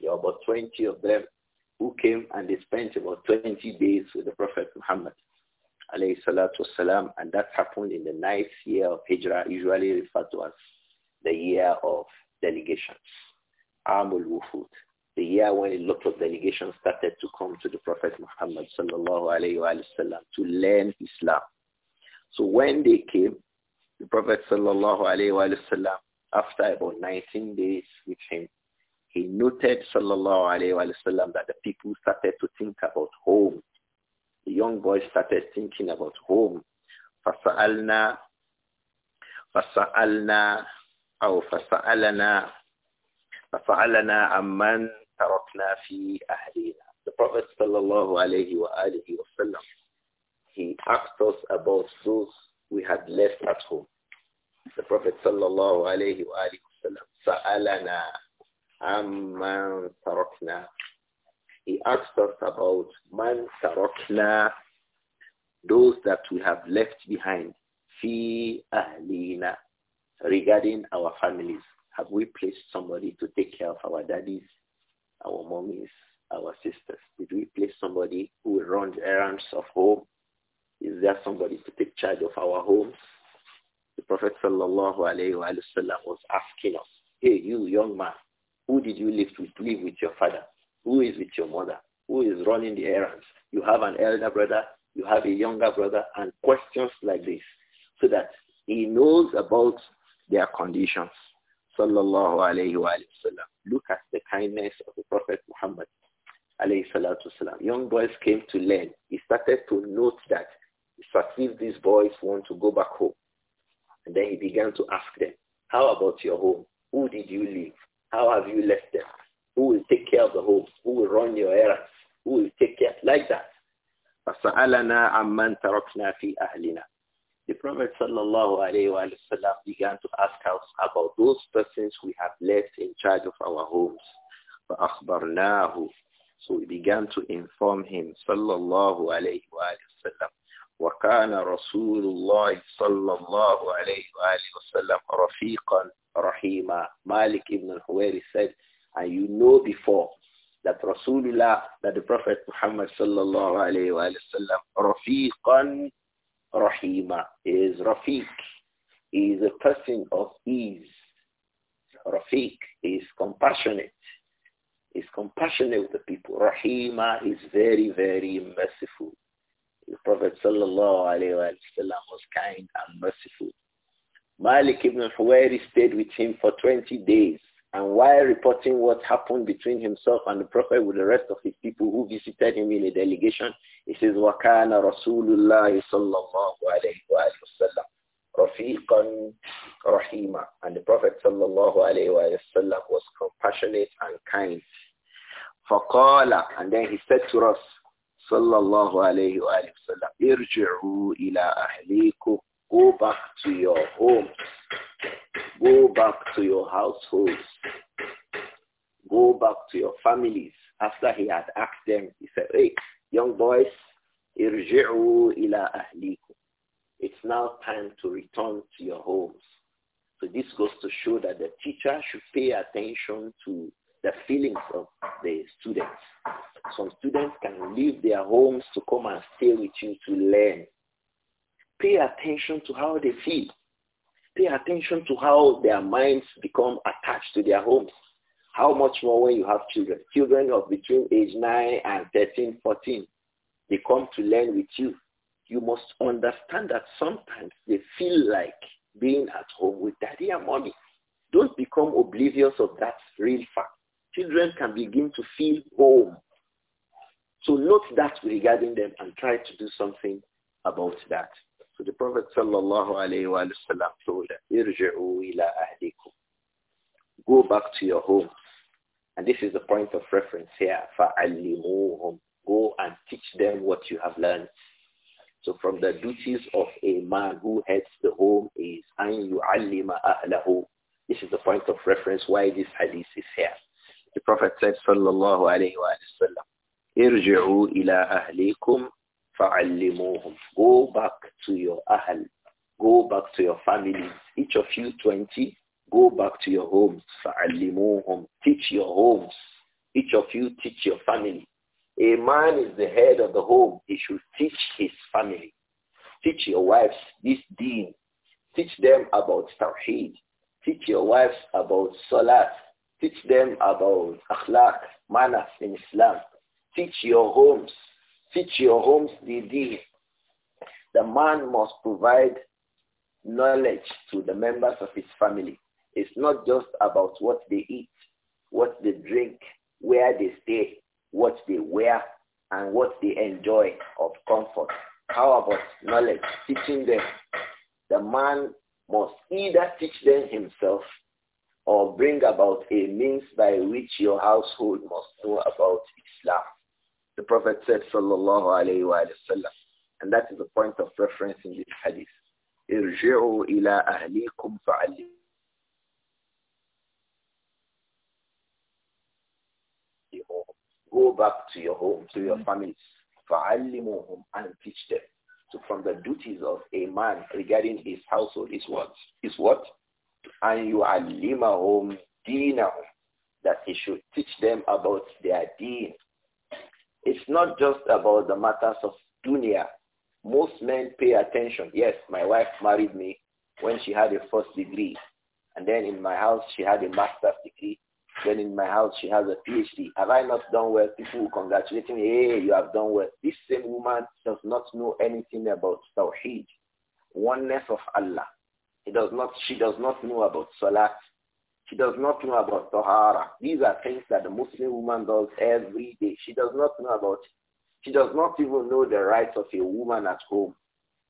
There were about 20 of them who came and they spent about 20 days with the Prophet Muhammad alayhi salatu wasalam, and that happened in the ninth year of Hijrah, usually referred to as the year of delegations, Amul Wufud, the year when a lot of delegations started to come to the Prophet Muhammad sallallahu alayhi wa sallam to learn Islam. So when they came, the Prophet sallallahu alayhi wa sallam, after about 19 days with him, he noted, sallallahu alayhi wa sallam, that the people started to think about home. The young boys started thinking about home. فَسَأَلْنَا فَسَأَلْنَا أو فَسَأَلَنَا فَسَأَلَنَا عَمَّنْ تَرَكْنَا fi أَهْلِنَا The Prophet sallallahu alayhi wa alihi wa sallam, he asked us about those we had left at home. The Prophet sallallahu alayhi wa alihi wa sallam, سَأَلَنَا Amman Tarokna. He asked us about Man Tarokna. those that we have left behind. Fi Ahlina, regarding our families. Have we placed somebody to take care of our daddies, our mummies, our sisters? Did we place somebody who will run errands of home? Is there somebody to take charge of our homes? The Prophet sallallahu alayhi wa was asking us, hey, you young man, who did you live with? Live with your father. Who is with your mother? Who is running the errands? You have an elder brother. You have a younger brother. And questions like this so that he knows about their conditions. Sallallahu alayhi wa Look at the kindness of the Prophet Muhammad alayhi salatu wasalam. Young boys came to learn. He started to note that if these boys want to go back home. And then he began to ask them, how about your home? Who did you leave? How have you left them? Who will take care of the home? Who will run your errands? Who will take care? Like that. فَسَأَلَنَا عَمَّنْ تَرَكْنَا فِي أَهْلِنَا The Prophet sallallahu began to ask us about those persons we have left in charge of our homes. فَأَخْبَرْنَاهُ So we began to inform him sallallahu alayhi wa sallam. وَكَانَ رَسُولُ اللَّهِ صَلَّى اللَّهُ عَلَيْهِ وَآلِهِ وَسَلَّمَ رَفِيقًا rahima. Malik ibn al-Huwairi said, and you know before that Rasulullah, that the Prophet Muhammad sallallahu alayhi wa sallam, rafiqan rahima, is rafiq, is a person of ease. Rafiq is compassionate, is compassionate with the people. Rahima is very, very merciful. The Prophet sallallahu alayhi wa sallam was kind and merciful. Malik ibn al-Huwairi stayed with him for 20 days. And while reporting what happened between himself and the Prophet with the rest of his people who visited him in a delegation, he says, وَكَانَ رَسُولُ اللَّهِ صَلَّى اللَّهُ عَلَيْهِ وَآلِهِ Rafiqan Rahima. And the Prophet sallallahu alayhi wa sallam was compassionate and kind. Faqala. And then he said to us, sallallahu alayhi wa sallam, irji'u ila ahlikum. Go back to your homes. Go back to your households. Go back to your families. After he had asked them, he said, hey, young boys, irji'u ila ahlikum. It's now time to return to your homes. So this goes to show that the teacher should pay attention to the feelings of the students. Some students can leave their homes to come and stay with you to learn. Pay attention to how they feel. Pay attention to how their minds become attached to their homes. How much more when you have children? Children of between age 9 and 13, 14, they come to learn with you. You must understand that sometimes they feel like being at home with daddy and mommy. Don't become oblivious of that real fact. Children can begin to feel home. So note that regarding them and try to do something about that the Prophet sallallahu alayhi wa sallam told irji'u ila ahlikum. Go back to your home, And this is the point of reference here. فَعَلِّمُوهُمْ Go and teach them what you have learned. So from the duties of a man who heads the home is أَن يُعَلِّمَ ahlahu. This is the point of reference why this hadith is here. The Prophet said, sallallahu alayhi wa sallam, irji'u ila ahlikum فَعَلِّمُوهُمْ Go back to your ahl. Go back to your families. Each of you 20, go back to your homes. فَعَلِّمُوهُمْ Teach your homes. Each of you teach your family. A man is the head of the home. He should teach his family. Teach your wives this deen. Teach them about tawheed. Teach your wives about salat. Teach them about akhlaq, manners in Islam. Teach your homes Teach your homes the The man must provide knowledge to the members of his family. It's not just about what they eat, what they drink, where they stay, what they wear, and what they enjoy of comfort. How about knowledge? Teaching them. The man must either teach them himself or bring about a means by which your household must know about Islam. The Prophet said, sallallahu alayhi wa sallam, and that is the point of reference in this hadith. ارجعوا إلى أهليكم فعلموا Go back to your home, to your mm-hmm. families. فعلموهم and teach them. So from the duties of a man regarding his household is what? Is what? And you alimahum dinahum. That he should teach them about their deen, it's not just about the matters of dunya. Most men pay attention. Yes, my wife married me when she had a first degree. And then in my house, she had a master's degree. Then in my house, she has a PhD. Have I not done well? People congratulating me, hey, you have done well. This same woman does not know anything about Tawheed, oneness of Allah. He does not, she does not know about Salah. She does not know about Tahara. These are things that the Muslim woman does every day. She does not know about it. She does not even know the rights of a woman at home.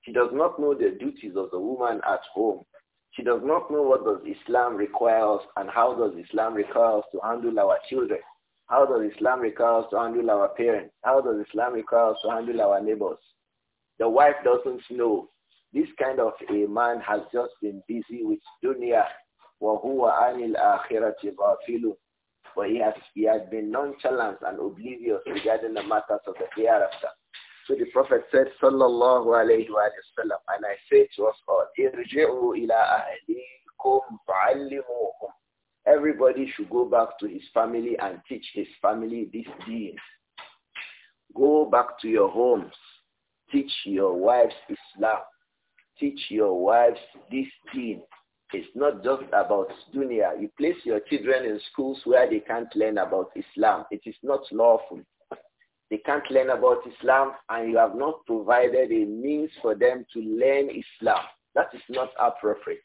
She does not know the duties of the woman at home. She does not know what does Islam require us and how does Islam require us to handle our children. How does Islam require us to handle our parents? How does Islam require us to handle our neighbors? The wife doesn't know. This kind of a man has just been busy with dunya. وَهُوَ عَنِ الْآخِرَةِ غَافِلٌ But he has, he has been nonchalant and oblivious regarding the matters of the hereafter. So the Prophet said, Sallallahu alayhi wa sallam, and I say to us all, Irji'u ila ahlikum fa'allimuhum. Everybody should go back to his family and teach his family this deeds. Go back to your homes. Teach your wives Islam. Teach your wives this deen it's not just about dunya. You place your children in schools where they can't learn about Islam. It is not lawful. They can't learn about Islam and you have not provided a means for them to learn Islam. That is not appropriate.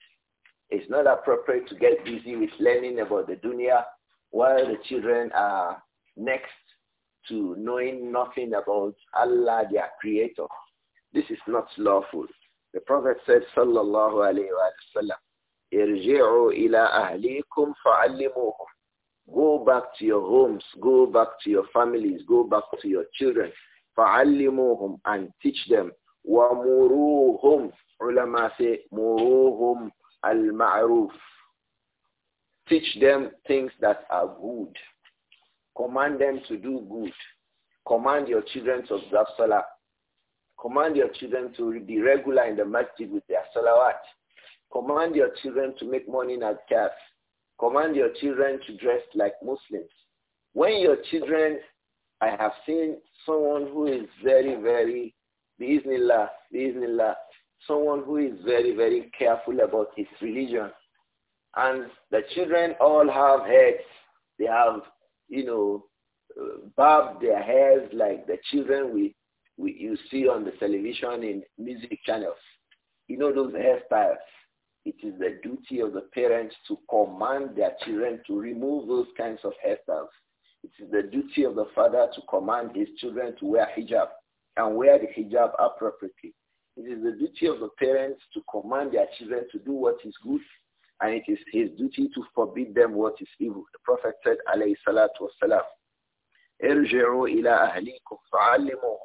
It's not appropriate to get busy with learning about the dunya while the children are next to knowing nothing about Allah, their creator. This is not lawful. The Prophet said, Sallallahu Alaihi Wasallam, irji'u ila ahlikum fa'allimuhum. Go back to your homes, go back to your families, go back to your children. Fa'allimuhum and teach them. Wa muruhum. Ulama say muruhum al-ma'ruf. Teach them things that are good. Command them to do good. Command your children to observe salah. Command your children to be regular in the masjid with their salawat Command your children to make money as cash. Command your children to dress like Muslims. When your children, I have seen someone who is very, very, biiznillah, biiznillah, someone who is very, very careful about his religion. And the children all have heads. They have, you know, bob their heads like the children we, we you see on the television in music channels. You know those hairstyles it is the duty of the parents to command their children to remove those kinds of hairstyles. It is the duty of the father to command his children to wear hijab and wear the hijab appropriately. It is the duty of the parents to command their children to do what is good and it is his duty to forbid them what is evil. The Prophet said, alayhi salatu wasalam, ila ahlikum fa'allimu.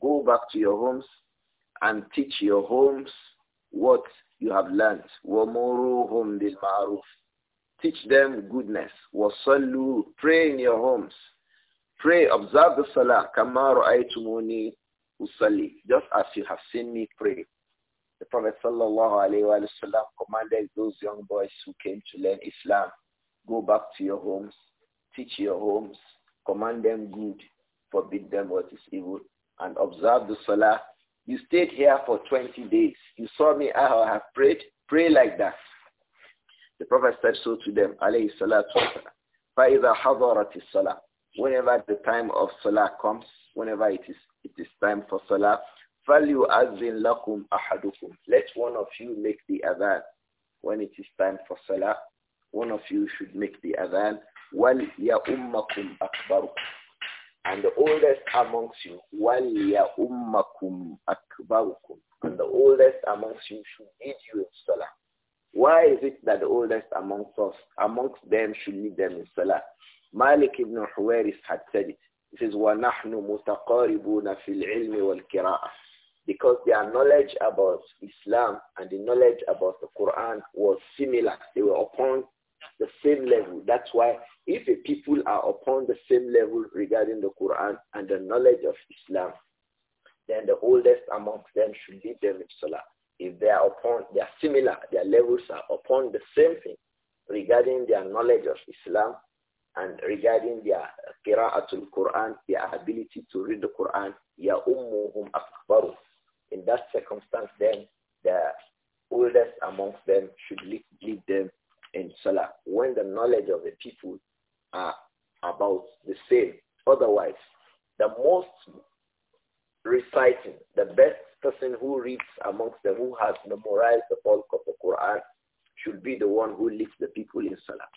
Go back to your homes and teach your homes what you have learned. وَمُرُوهُمْ بِالْمَعْرُوفِ Teach them goodness. وَصَلُّوا Pray in your homes. Pray, observe the salah. كَمَا رَأَيْتُمُونِي usali. just as you have seen me pray. The Prophet sallallahu alayhi wa commanded those young boys who came to learn Islam, go back to your homes, teach your homes, command them good, forbid them what is evil, and observe the salah you stayed here for 20 days. You saw me, I have prayed. Pray like that. The Prophet said so to them, alayhi salatu فَإِذَا حَضَرَتِ Whenever the time of salah comes, whenever it is, it is time for salah, فَلْيُؤَذِّنْ لَكُمْ أَحَدُكُمْ Let one of you make the adhan. When it is time for salah, one of you should make the adhan. وَلْيَأُمَّكُمْ أَكْبَرُكُمْ and the oldest amongst you, waliya ummakum akbarukum. And the oldest amongst you should lead you in salah. Why is it that the oldest amongst us, amongst them should lead them in salah? Malik ibn Huwaris had said it. He says, وَنَحْنُ مُتَقَارِبُونَ فِي الْعِلْمِ وَالْكِرَاءَةِ Because their knowledge about Islam and the knowledge about the Quran was similar. They were upon the same level. That's why if a people are upon the same level regarding the Quran and the knowledge of Islam, then the oldest amongst them should lead them in Salah. If they are upon, they are similar, their levels are upon the same thing regarding their knowledge of Islam and regarding their qira'atul Quran, their ability to read the Quran, ya ummuhum akbaru. In that circumstance, then the oldest amongst them should lead, lead them in salah. When the knowledge of the people are about the same. Otherwise, the most reciting, the best person who reads amongst them, who has memorized the bulk of the Quran, should be the one who leads the people in Salah.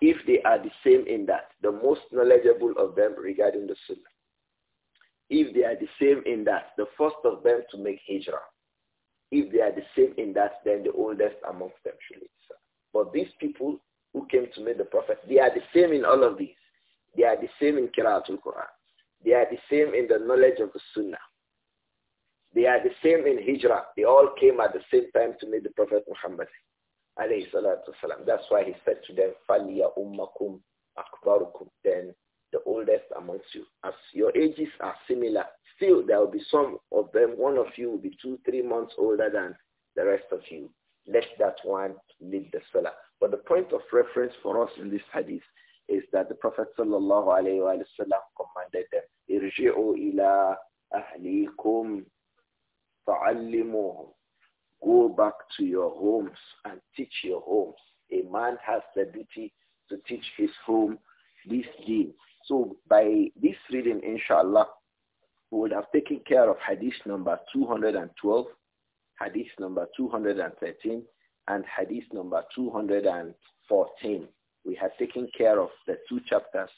If they are the same in that, the most knowledgeable of them regarding the Sunnah. If they are the same in that, the first of them to make Hijrah. If they are the same in that, then the oldest amongst them should lead Salah. But these people, who came to meet the Prophet, they are the same in all of these. They are the same in Qira'atul Quran. They are the same in the knowledge of the Sunnah. They are the same in Hijrah. They all came at the same time to meet the Prophet Muhammad. That's why he said to them, Faliya ummakum akbarukum. Then the oldest amongst you. As your ages are similar, still there will be some of them, one of you will be two, three months older than the rest of you. Let that one lead the salah. But the point of reference for us in this hadith is that the Prophet sallallahu alayhi wa commanded them, irji'u ila ahlikum fa'allimuhum. Go back to your homes and teach your homes. A man has the duty to teach his home this deen. So by this reading, inshallah, we would have taken care of hadith number 212, hadith number 213, and hadith number 214. We had taken care of the two chapters,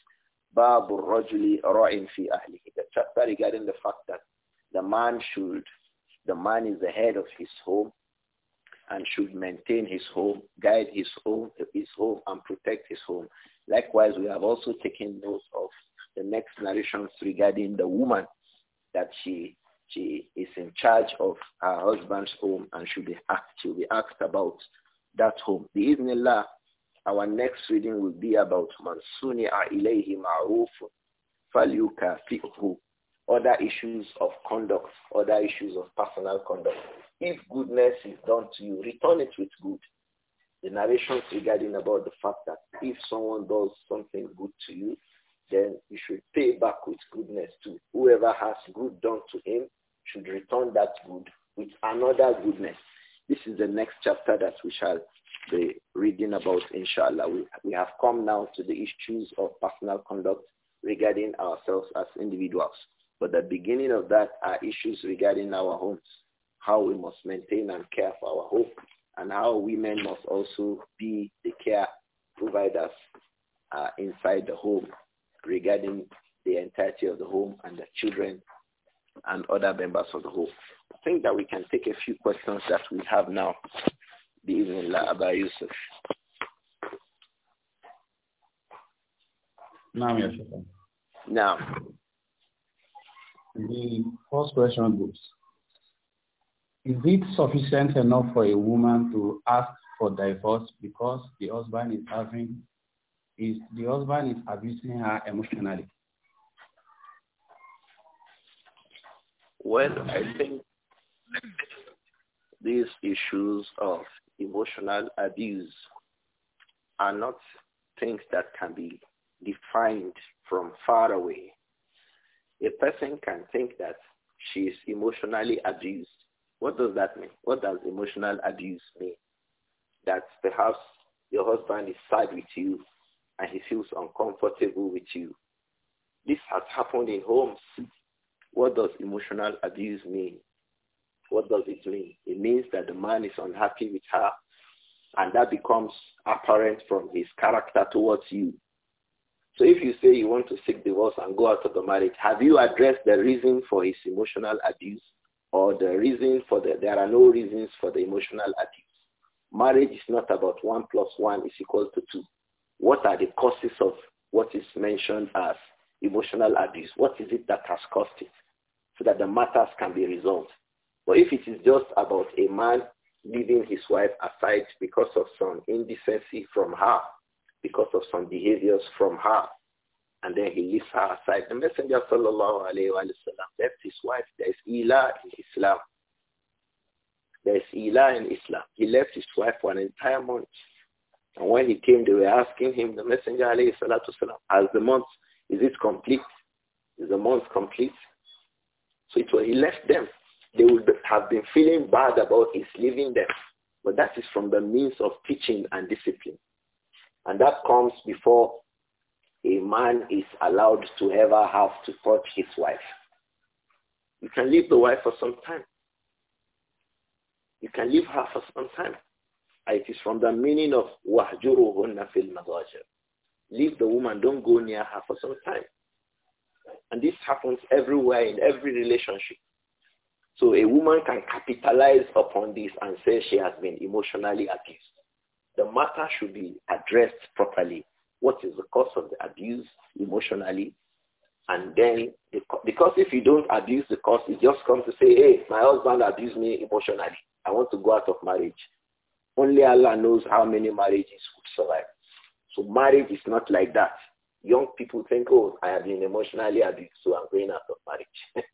Babu Rajuli Ra'in Fi Ahlihi, the chapter regarding the fact that the man should, the man is the head of his home and should maintain his home, guide his home, his home and protect his home. Likewise, we have also taken note of the next narrations regarding the woman that she she is in charge of her husband's home and should be asked, she'll be asked about that home. The Iznillah, our next reading will be about Mansuni'a ilayhi faluka falyukafi'hu. Other issues of conduct, other issues of personal conduct. If goodness is done to you, return it with good. The narrations regarding about the fact that if someone does something good to you, then you should pay back with goodness to whoever has good done to him should return that good with another goodness. This is the next chapter that we shall be reading about, inshallah. We, we have come now to the issues of personal conduct regarding ourselves as individuals. But the beginning of that are issues regarding our homes, how we must maintain and care for our home, and how women must also be the care providers uh, inside the home regarding the entirety of the home and the children and other members of the whole. I think that we can take a few questions that we have now. Bismillah, Abba Yusuf. Now, yes. Now. The first question goes, is it sufficient enough for a woman to ask for divorce because the husband is having, is the husband is abusing her emotionally? Well, I think these issues of emotional abuse are not things that can be defined from far away. A person can think that she is emotionally abused. What does that mean? What does emotional abuse mean? That perhaps your husband is sad with you and he feels uncomfortable with you. This has happened in homes what does emotional abuse mean? What does it mean? It means that the man is unhappy with her and that becomes apparent from his character towards you. So if you say you want to seek divorce and go out of the marriage, have you addressed the reason for his emotional abuse or the reason for the, there are no reasons for the emotional abuse? Marriage is not about one plus one is equal to two. What are the causes of what is mentioned as emotional abuse, what is it that has caused it so that the matters can be resolved. But if it is just about a man leaving his wife aside because of some indecency from her, because of some behaviors from her, and then he leaves her aside. The Messenger sallallahu alayhi wa left his wife. There is ila in Islam. There is ila in Islam. He left his wife for an entire month. And when he came, they were asking him, the Messenger alayhi salatu salam, as the month is it complete? Is the month complete? So it was, he left them. They would have been feeling bad about his leaving them. But that is from the means of teaching and discipline. And that comes before a man is allowed to ever have to touch his wife. You can leave the wife for some time. You can leave her for some time. It is from the meaning of waḥjūrūhunna fil الْمَضَاجِرِ Leave the woman. Don't go near her for some time. And this happens everywhere in every relationship. So a woman can capitalize upon this and say she has been emotionally abused. The matter should be addressed properly. What is the cause of the abuse emotionally? And then, because if you don't abuse the cause, it just comes to say, hey, my husband abused me emotionally. I want to go out of marriage. Only Allah knows how many marriages would survive. So marriage is not like that. Young people think, oh, I have been emotionally abused, so I'm going out of marriage.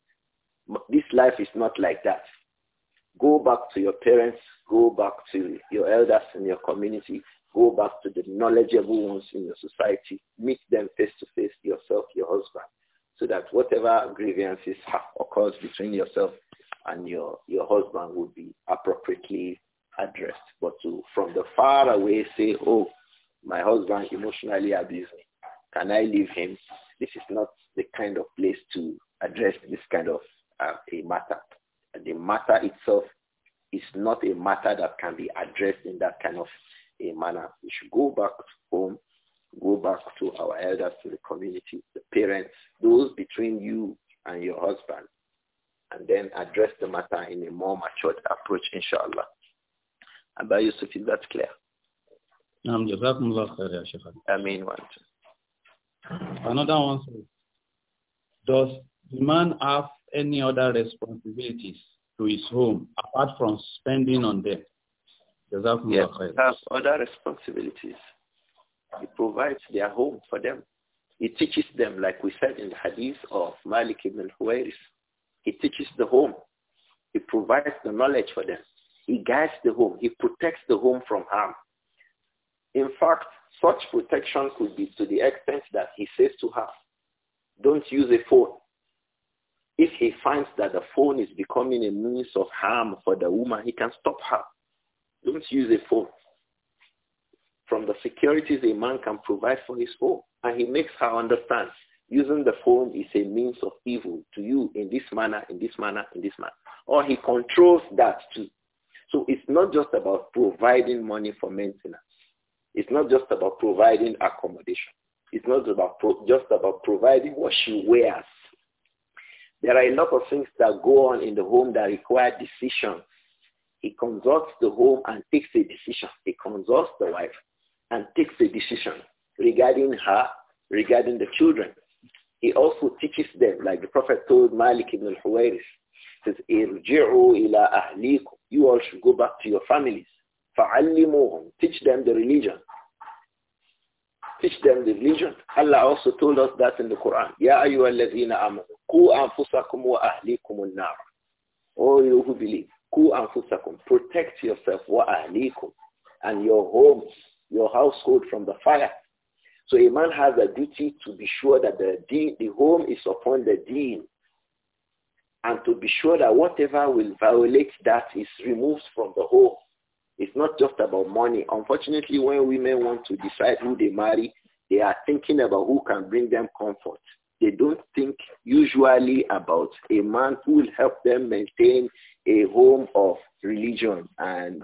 this life is not like that. Go back to your parents. Go back to your elders in your community. Go back to the knowledgeable ones in your society. Meet them face to face, yourself, your husband, so that whatever grievances have occurred between yourself and your, your husband would be appropriately addressed. But to from the far away say, oh, my husband emotionally abused me. Can I leave him? This is not the kind of place to address this kind of uh, a matter. The matter itself is not a matter that can be addressed in that kind of a manner. We should go back home, go back to our elders, to the community, the parents, those between you and your husband, and then address the matter in a more matured approach, inshallah. Abba Yusuf, is that clear? نعم جزاكم الله خير يا شيخ Another one says, does the man have any other responsibilities to his home apart from spending on them? Jazakum yes, have other responsibilities. He provides their home for them. He teaches them, like we said in the hadith of Malik ibn Huwairis. He teaches the home. He provides the knowledge for them. He guides the home. He protects the home from harm. In fact, such protection could be to the extent that he says to her, don't use a phone. If he finds that the phone is becoming a means of harm for the woman, he can stop her. Don't use a phone. From the securities a man can provide for his home, and he makes her understand using the phone is a means of evil to you in this manner, in this manner, in this manner. Or he controls that too. So it's not just about providing money for maintenance. It's not just about providing accommodation. It's not about just about providing what she wears. There are a lot of things that go on in the home that require decisions. He consults the home and takes a decision. He consults the wife and takes a decision regarding her, regarding the children. He also teaches them, like the Prophet told Malik ibn al-Huwairis, says, ila ahlikum. You all should go back to your families. فَعَلِّمُوهُمْ Teach them the religion. Teach them the religion. Allah also told us that in the Quran. Ya ayyuhallazina amanu. Ku anfusakum wa ahlikum an-nar. Oh, you who believe. Ku anfusakum. Protect yourself wa ahlikum. And your homes, your household from the fire. So a man has a duty to be sure that the, deen, the home is upon the deen and to be sure that whatever will violate that is removed from the home. It's not just about money. Unfortunately, when women want to decide who they marry, they are thinking about who can bring them comfort. They don't think usually about a man who will help them maintain a home of religion and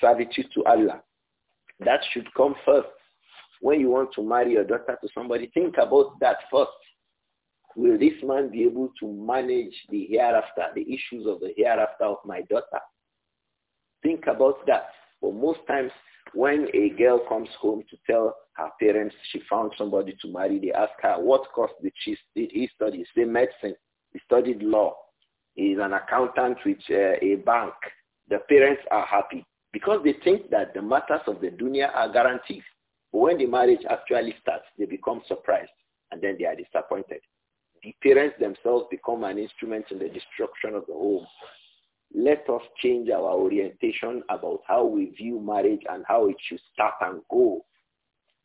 servitude to Allah. That should come first. When you want to marry your daughter to somebody, think about that first. Will this man be able to manage the hereafter, the issues of the hereafter of my daughter? Think about that. But most times when a girl comes home to tell her parents she found somebody to marry, they ask her, what course did, she, did he study? Say medicine. He studied law. He's an accountant with uh, a bank. The parents are happy because they think that the matters of the dunya are guaranteed. But when the marriage actually starts, they become surprised and then they are disappointed. The parents themselves become an instrument in the destruction of the home let us change our orientation about how we view marriage and how it should start and go.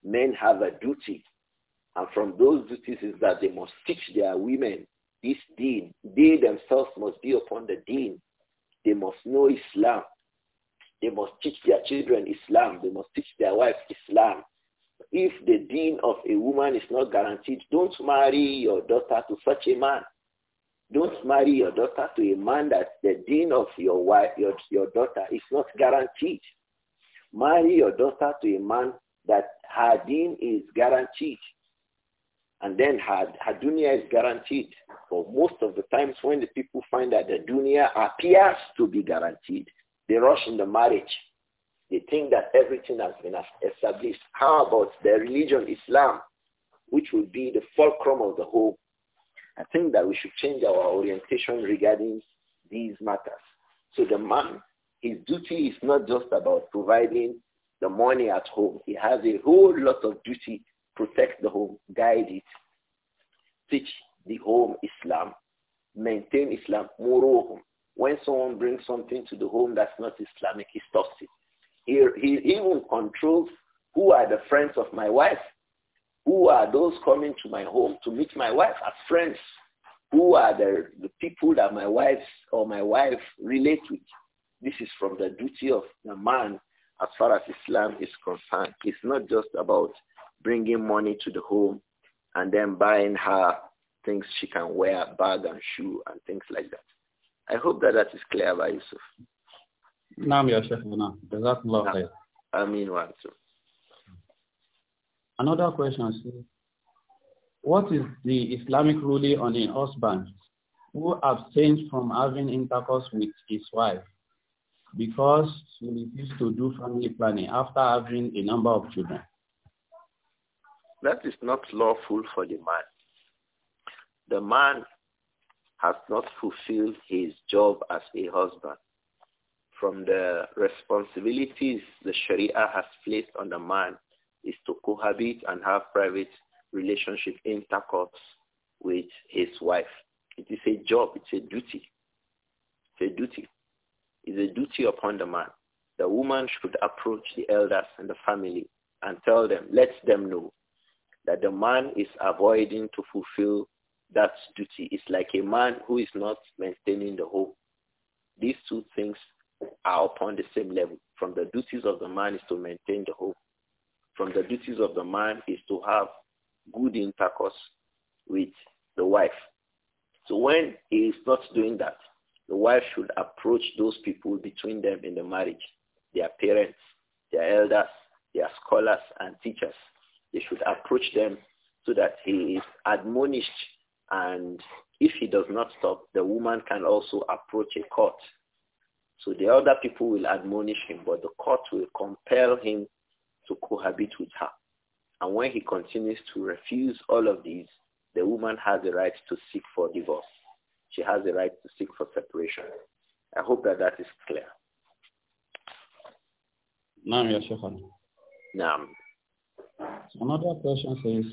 Men have a duty. And from those duties is that they must teach their women this deen. They themselves must be upon the deen. They must know Islam. They must teach their children Islam. They must teach their wives Islam. If the deen of a woman is not guaranteed, don't marry your daughter to such a man. Don't marry your daughter to a man that the dean of your wife, your, your daughter is not guaranteed. Marry your daughter to a man that her dean is guaranteed. And then her, her dunya is guaranteed. For most of the times when the people find that the dunya appears to be guaranteed, they rush in the marriage. They think that everything has been established. How about the religion, Islam, which would be the fulcrum of the whole I think that we should change our orientation regarding these matters. So the man, his duty is not just about providing the money at home. He has a whole lot of duty. Protect the home, guide it, teach the home Islam, maintain Islam, moreover. When someone brings something to the home that's not Islamic, he stops it. He, he even controls who are the friends of my wife who are those coming to my home to meet my wife as friends? Who are the, the people that my wife or my wife relate with? This is from the duty of the man as far as Islam is concerned. It's not just about bringing money to the home and then buying her things she can wear, bag and shoe and things like that. I hope that that is clear by Yusuf. نعم يا شيخنا جزاكم الله Another question is, what is the Islamic ruling on a husband who abstains from having intercourse with his wife because she refused to do family planning after having a number of children? That is not lawful for the man. The man has not fulfilled his job as a husband. From the responsibilities the Sharia has placed on the man is to cohabit and have private relationship intercourse with his wife. It is a job. It's a duty. It's a duty. It's a duty upon the man. The woman should approach the elders and the family and tell them, let them know that the man is avoiding to fulfill that duty. It's like a man who is not maintaining the home. These two things are upon the same level. From the duties of the man is to maintain the home from the duties of the man is to have good intercourse with the wife. So when he is not doing that, the wife should approach those people between them in the marriage, their parents, their elders, their scholars and teachers. They should approach them so that he is admonished and if he does not stop, the woman can also approach a court. So the other people will admonish him, but the court will compel him to cohabit with her. And when he continues to refuse all of these, the woman has the right to seek for divorce. She has the right to seek for separation. I hope that that is clear. Naam, Ya Naam. Another question says,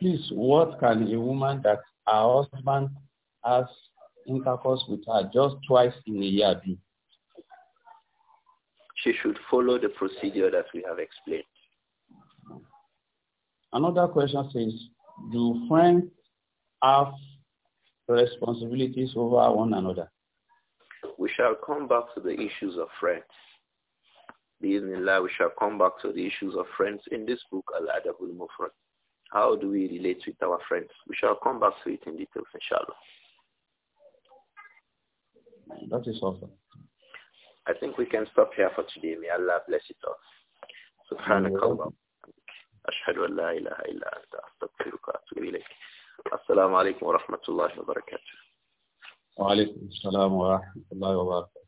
please, what can a woman that her husband has intercourse with her just twice in a year do? she should follow the procedure that we have explained. Another question says, do friends have responsibilities over one another? We shall come back to the issues of friends. Bismillah, we shall come back to the issues of friends in this book, al Adabul mufrad How do we relate with our friends? We shall come back to it in details, inshallah. That is all. I think we can stop here for today. May Allah bless it all. سبحانك اللهم أشهد أن لا إله إلا أنت أستغفرك وأتوب إليك السلام عليكم ورحمة الله وبركاته وعليكم السلام ورحمة الله وبركاته